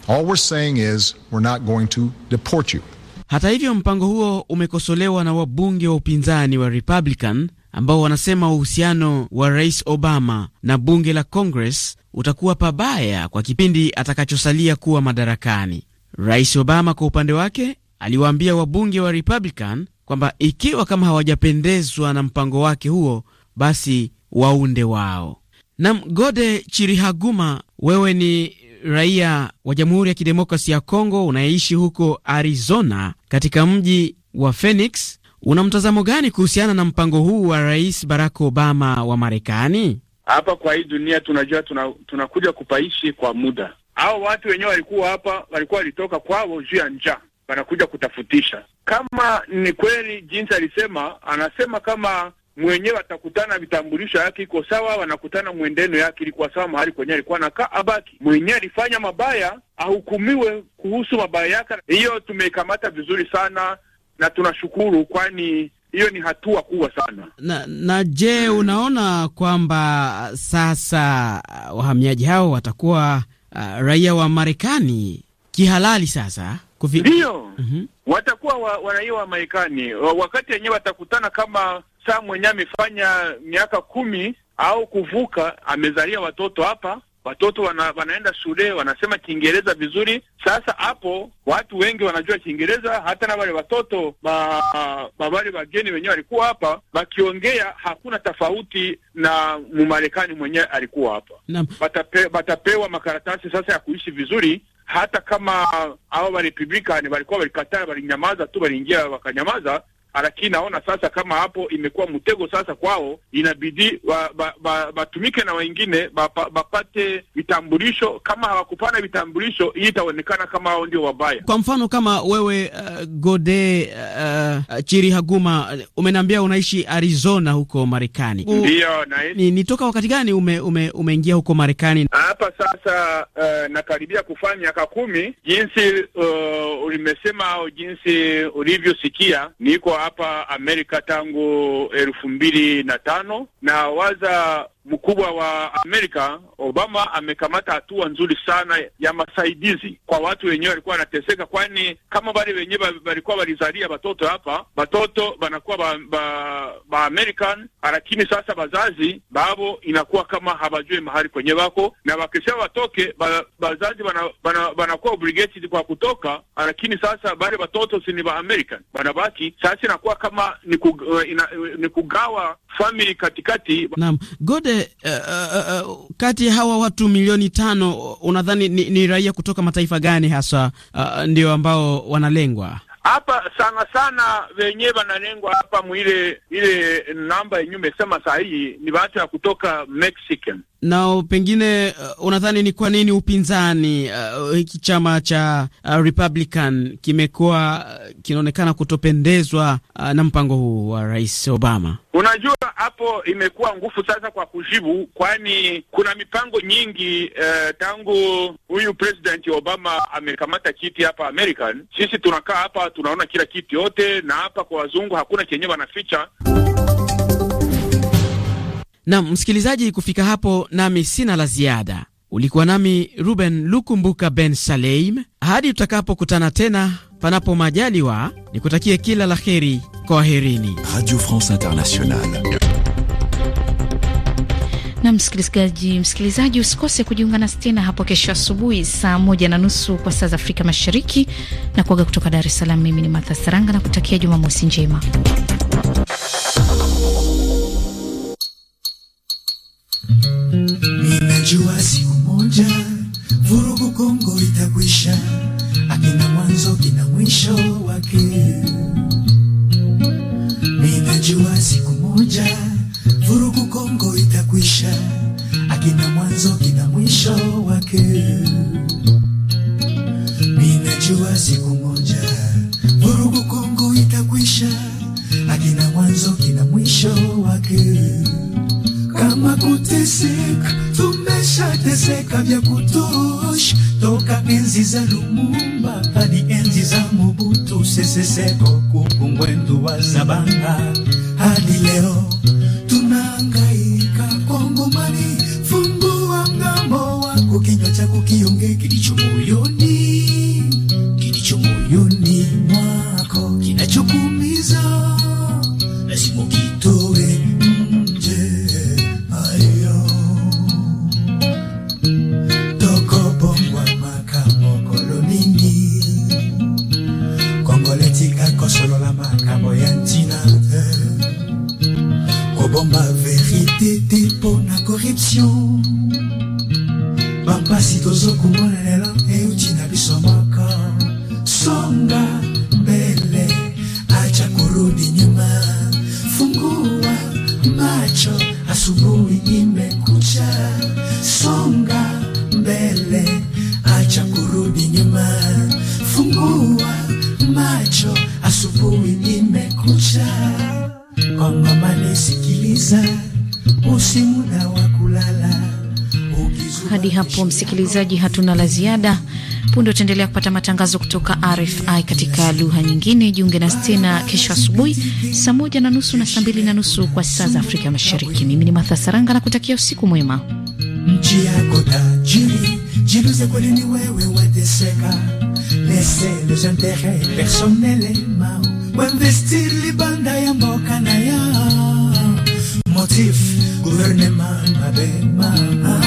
All we're saying is we're not going to deport you. Hata hivyo, mpango huo umekosolewa na wabunge wa upinzani wa Republican ambao wanasema uhusiano wa Rais Obama na bunge la Congress utakuwa pabaya kwa kipindi atakachosalia kuwa madarakani. Rais Obama kwa upande wake aliwaambia wabunge wa Republican kwamba ikiwa kama hawajapendezwa na mpango wake huo, basi waunde wao. Nam Gode Chirihaguma, wewe ni raia wa Jamhuri ya Kidemokrasi ya Kongo unayeishi huko Arizona katika mji wa Phoenix, una mtazamo gani kuhusiana na mpango huu wa Rais Barack Obama wa Marekani? Hapa kwa hii dunia tunajua tunakuja tuna kupaishi kwa muda. Hao watu wenyewe walikuwa hapa, walikuwa walitoka kwao juu ya njaa, wanakuja kutafutisha. Kama ni kweli jinsi alisema, anasema kama mwenyewe atakutana vitambulisho yake iko sawa, wanakutana mwendeno yake ilikuwa sawa, mahali kwenye alikuwa nakaa abaki. Mwenyewe alifanya mabaya ahukumiwe kuhusu mabaya yake. Hiyo tumeikamata vizuri sana na tunashukuru, kwani hiyo ni hatua kubwa sana. Na, na je, unaona kwamba sasa uh, wahamiaji hao watakuwa uh, raia wa Marekani kihalali sasa kufi... Ndiyo. Mm -hmm. Watakuwa wa, raia wa Marekani wakati wenyewe watakutana kama sa mwenyewe amefanya miaka kumi au kuvuka, amezalia watoto hapa, watoto wana, wanaenda shule, wanasema Kiingereza vizuri. Sasa hapo watu wengi wanajua Kiingereza, hata na wale watoto ma, wale wageni wenyewe walikuwa hapa wakiongea, hakuna tofauti na Mumarekani mwenyewe alikuwa hapa. Batape, batapewa makaratasi sasa ya kuishi vizuri hata kama hao warepublikani walikuwa walikataa, walinyamaza tu, waliingia wakanyamaza lakini naona sasa kama hapo imekuwa mtego sasa kwao, inabidi watumike na wengine wapate vitambulisho. Kama hawakupana vitambulisho, hii itaonekana kama hao ndio wabaya. Kwa mfano kama wewe uh, Gode uh, uh Chirihaguma, uh, umeniambia unaishi Arizona huko Marekani, ndio ni, ni toka wakati gani ume, ume, umeingia huko Marekani? Hapa sasa uh, nakaribia kufanya miaka kumi, jinsi uh, ulimesema au jinsi ulivyosikia niko hapa Amerika tangu elfu mbili na tano na waza mkubwa wa Amerika Obama amekamata hatua nzuri sana ya masaidizi kwa watu wenyewe walikuwa wanateseka, kwani kama bale wenyewe walikuwa walizalia batoto hapa, batoto banakuwa ba, ba, ba American, lakini sasa bazazi babo inakuwa kama habajue mahali kwenye wako, na wakisha watoke ba, bazazi banakuwa bana, bana obligated kwa kutoka, lakini sasa bale batoto si ni ba American banabaki sasa, inakuwa kama eh, ni kugawa family katikati. Naam, gode uh, uh, kati ya hawa watu milioni tano unadhani ni, ni raia kutoka mataifa gani hasa uh, ndio ambao wanalengwa? Hapa sana sana wenyewe wanalengwa hapa mwile ile namba yenyewe umesema sahihi ni watu ya kutoka Mexican na pengine uh, unadhani ni kwa nini upinzani uh, hiki uh, chama cha uh, Republican kimekuwa uh, kinaonekana kutopendezwa uh, na mpango huu wa Rais Obama? Unajua, hapo imekuwa ngufu sasa kwa kujibu, kwani kuna mipango nyingi uh, tangu huyu President Obama amekamata kiti hapa American. Sisi tunakaa hapa tunaona kila kitu yote, na hapa kwa wazungu hakuna chenye wanaficha na msikilizaji, kufika hapo nami sina la ziada. Ulikuwa nami Ruben Lukumbuka Ben Saleim, hadi tutakapokutana tena, panapo majaliwa, nikutakie kila la heri. kwa waherini Radio France Internationale. Na msikilizaji, msikilizaji usikose kujiunga nasi tena hapo kesho asubuhi saa moja na nusu kwa saa za Afrika Mashariki. Na kuaga kutoka Dar es Salaam, mimi ni Martha Saranga na kutakia Jumamosi njema. Najua siku moja vurugu Kongo itakwisha, akina mwanzo kina mwisho wake. Ninajua siku moja vurugu Kongo itakwisha, akina mwanzo kina mwisho wake. Ninajua siku moja vurugu Kongo itakwisha, akina mwanzo kina mwisho wake. Kama kuteseka teseka vya kutosh toka enzi za Lumumba hadi enzi za Mobutu Sese Seko Kupungwendu wa Zabanga hadi leo tunahangaika. Kongomani, fungua mgambo wako, kinywa chako kiongee kilicho moyoni, kilicho moyoni mwako, kinachokuumiza lazima kitu msikilizaji, hatuna la ziada. Punde utaendelea kupata matangazo kutoka RFI katika lugha nyingine. Jiunge na tena kesho asubuhi saa moja na nusu na saa mbili na nusu kwa saa za Afrika Mashariki. Mimi ni Matha Saranga na kutakia usiku mwema. Nchi yako tajiri, kweli ni wewe wateseka, lese libanda ya mboka na ya motif gouvernement mabema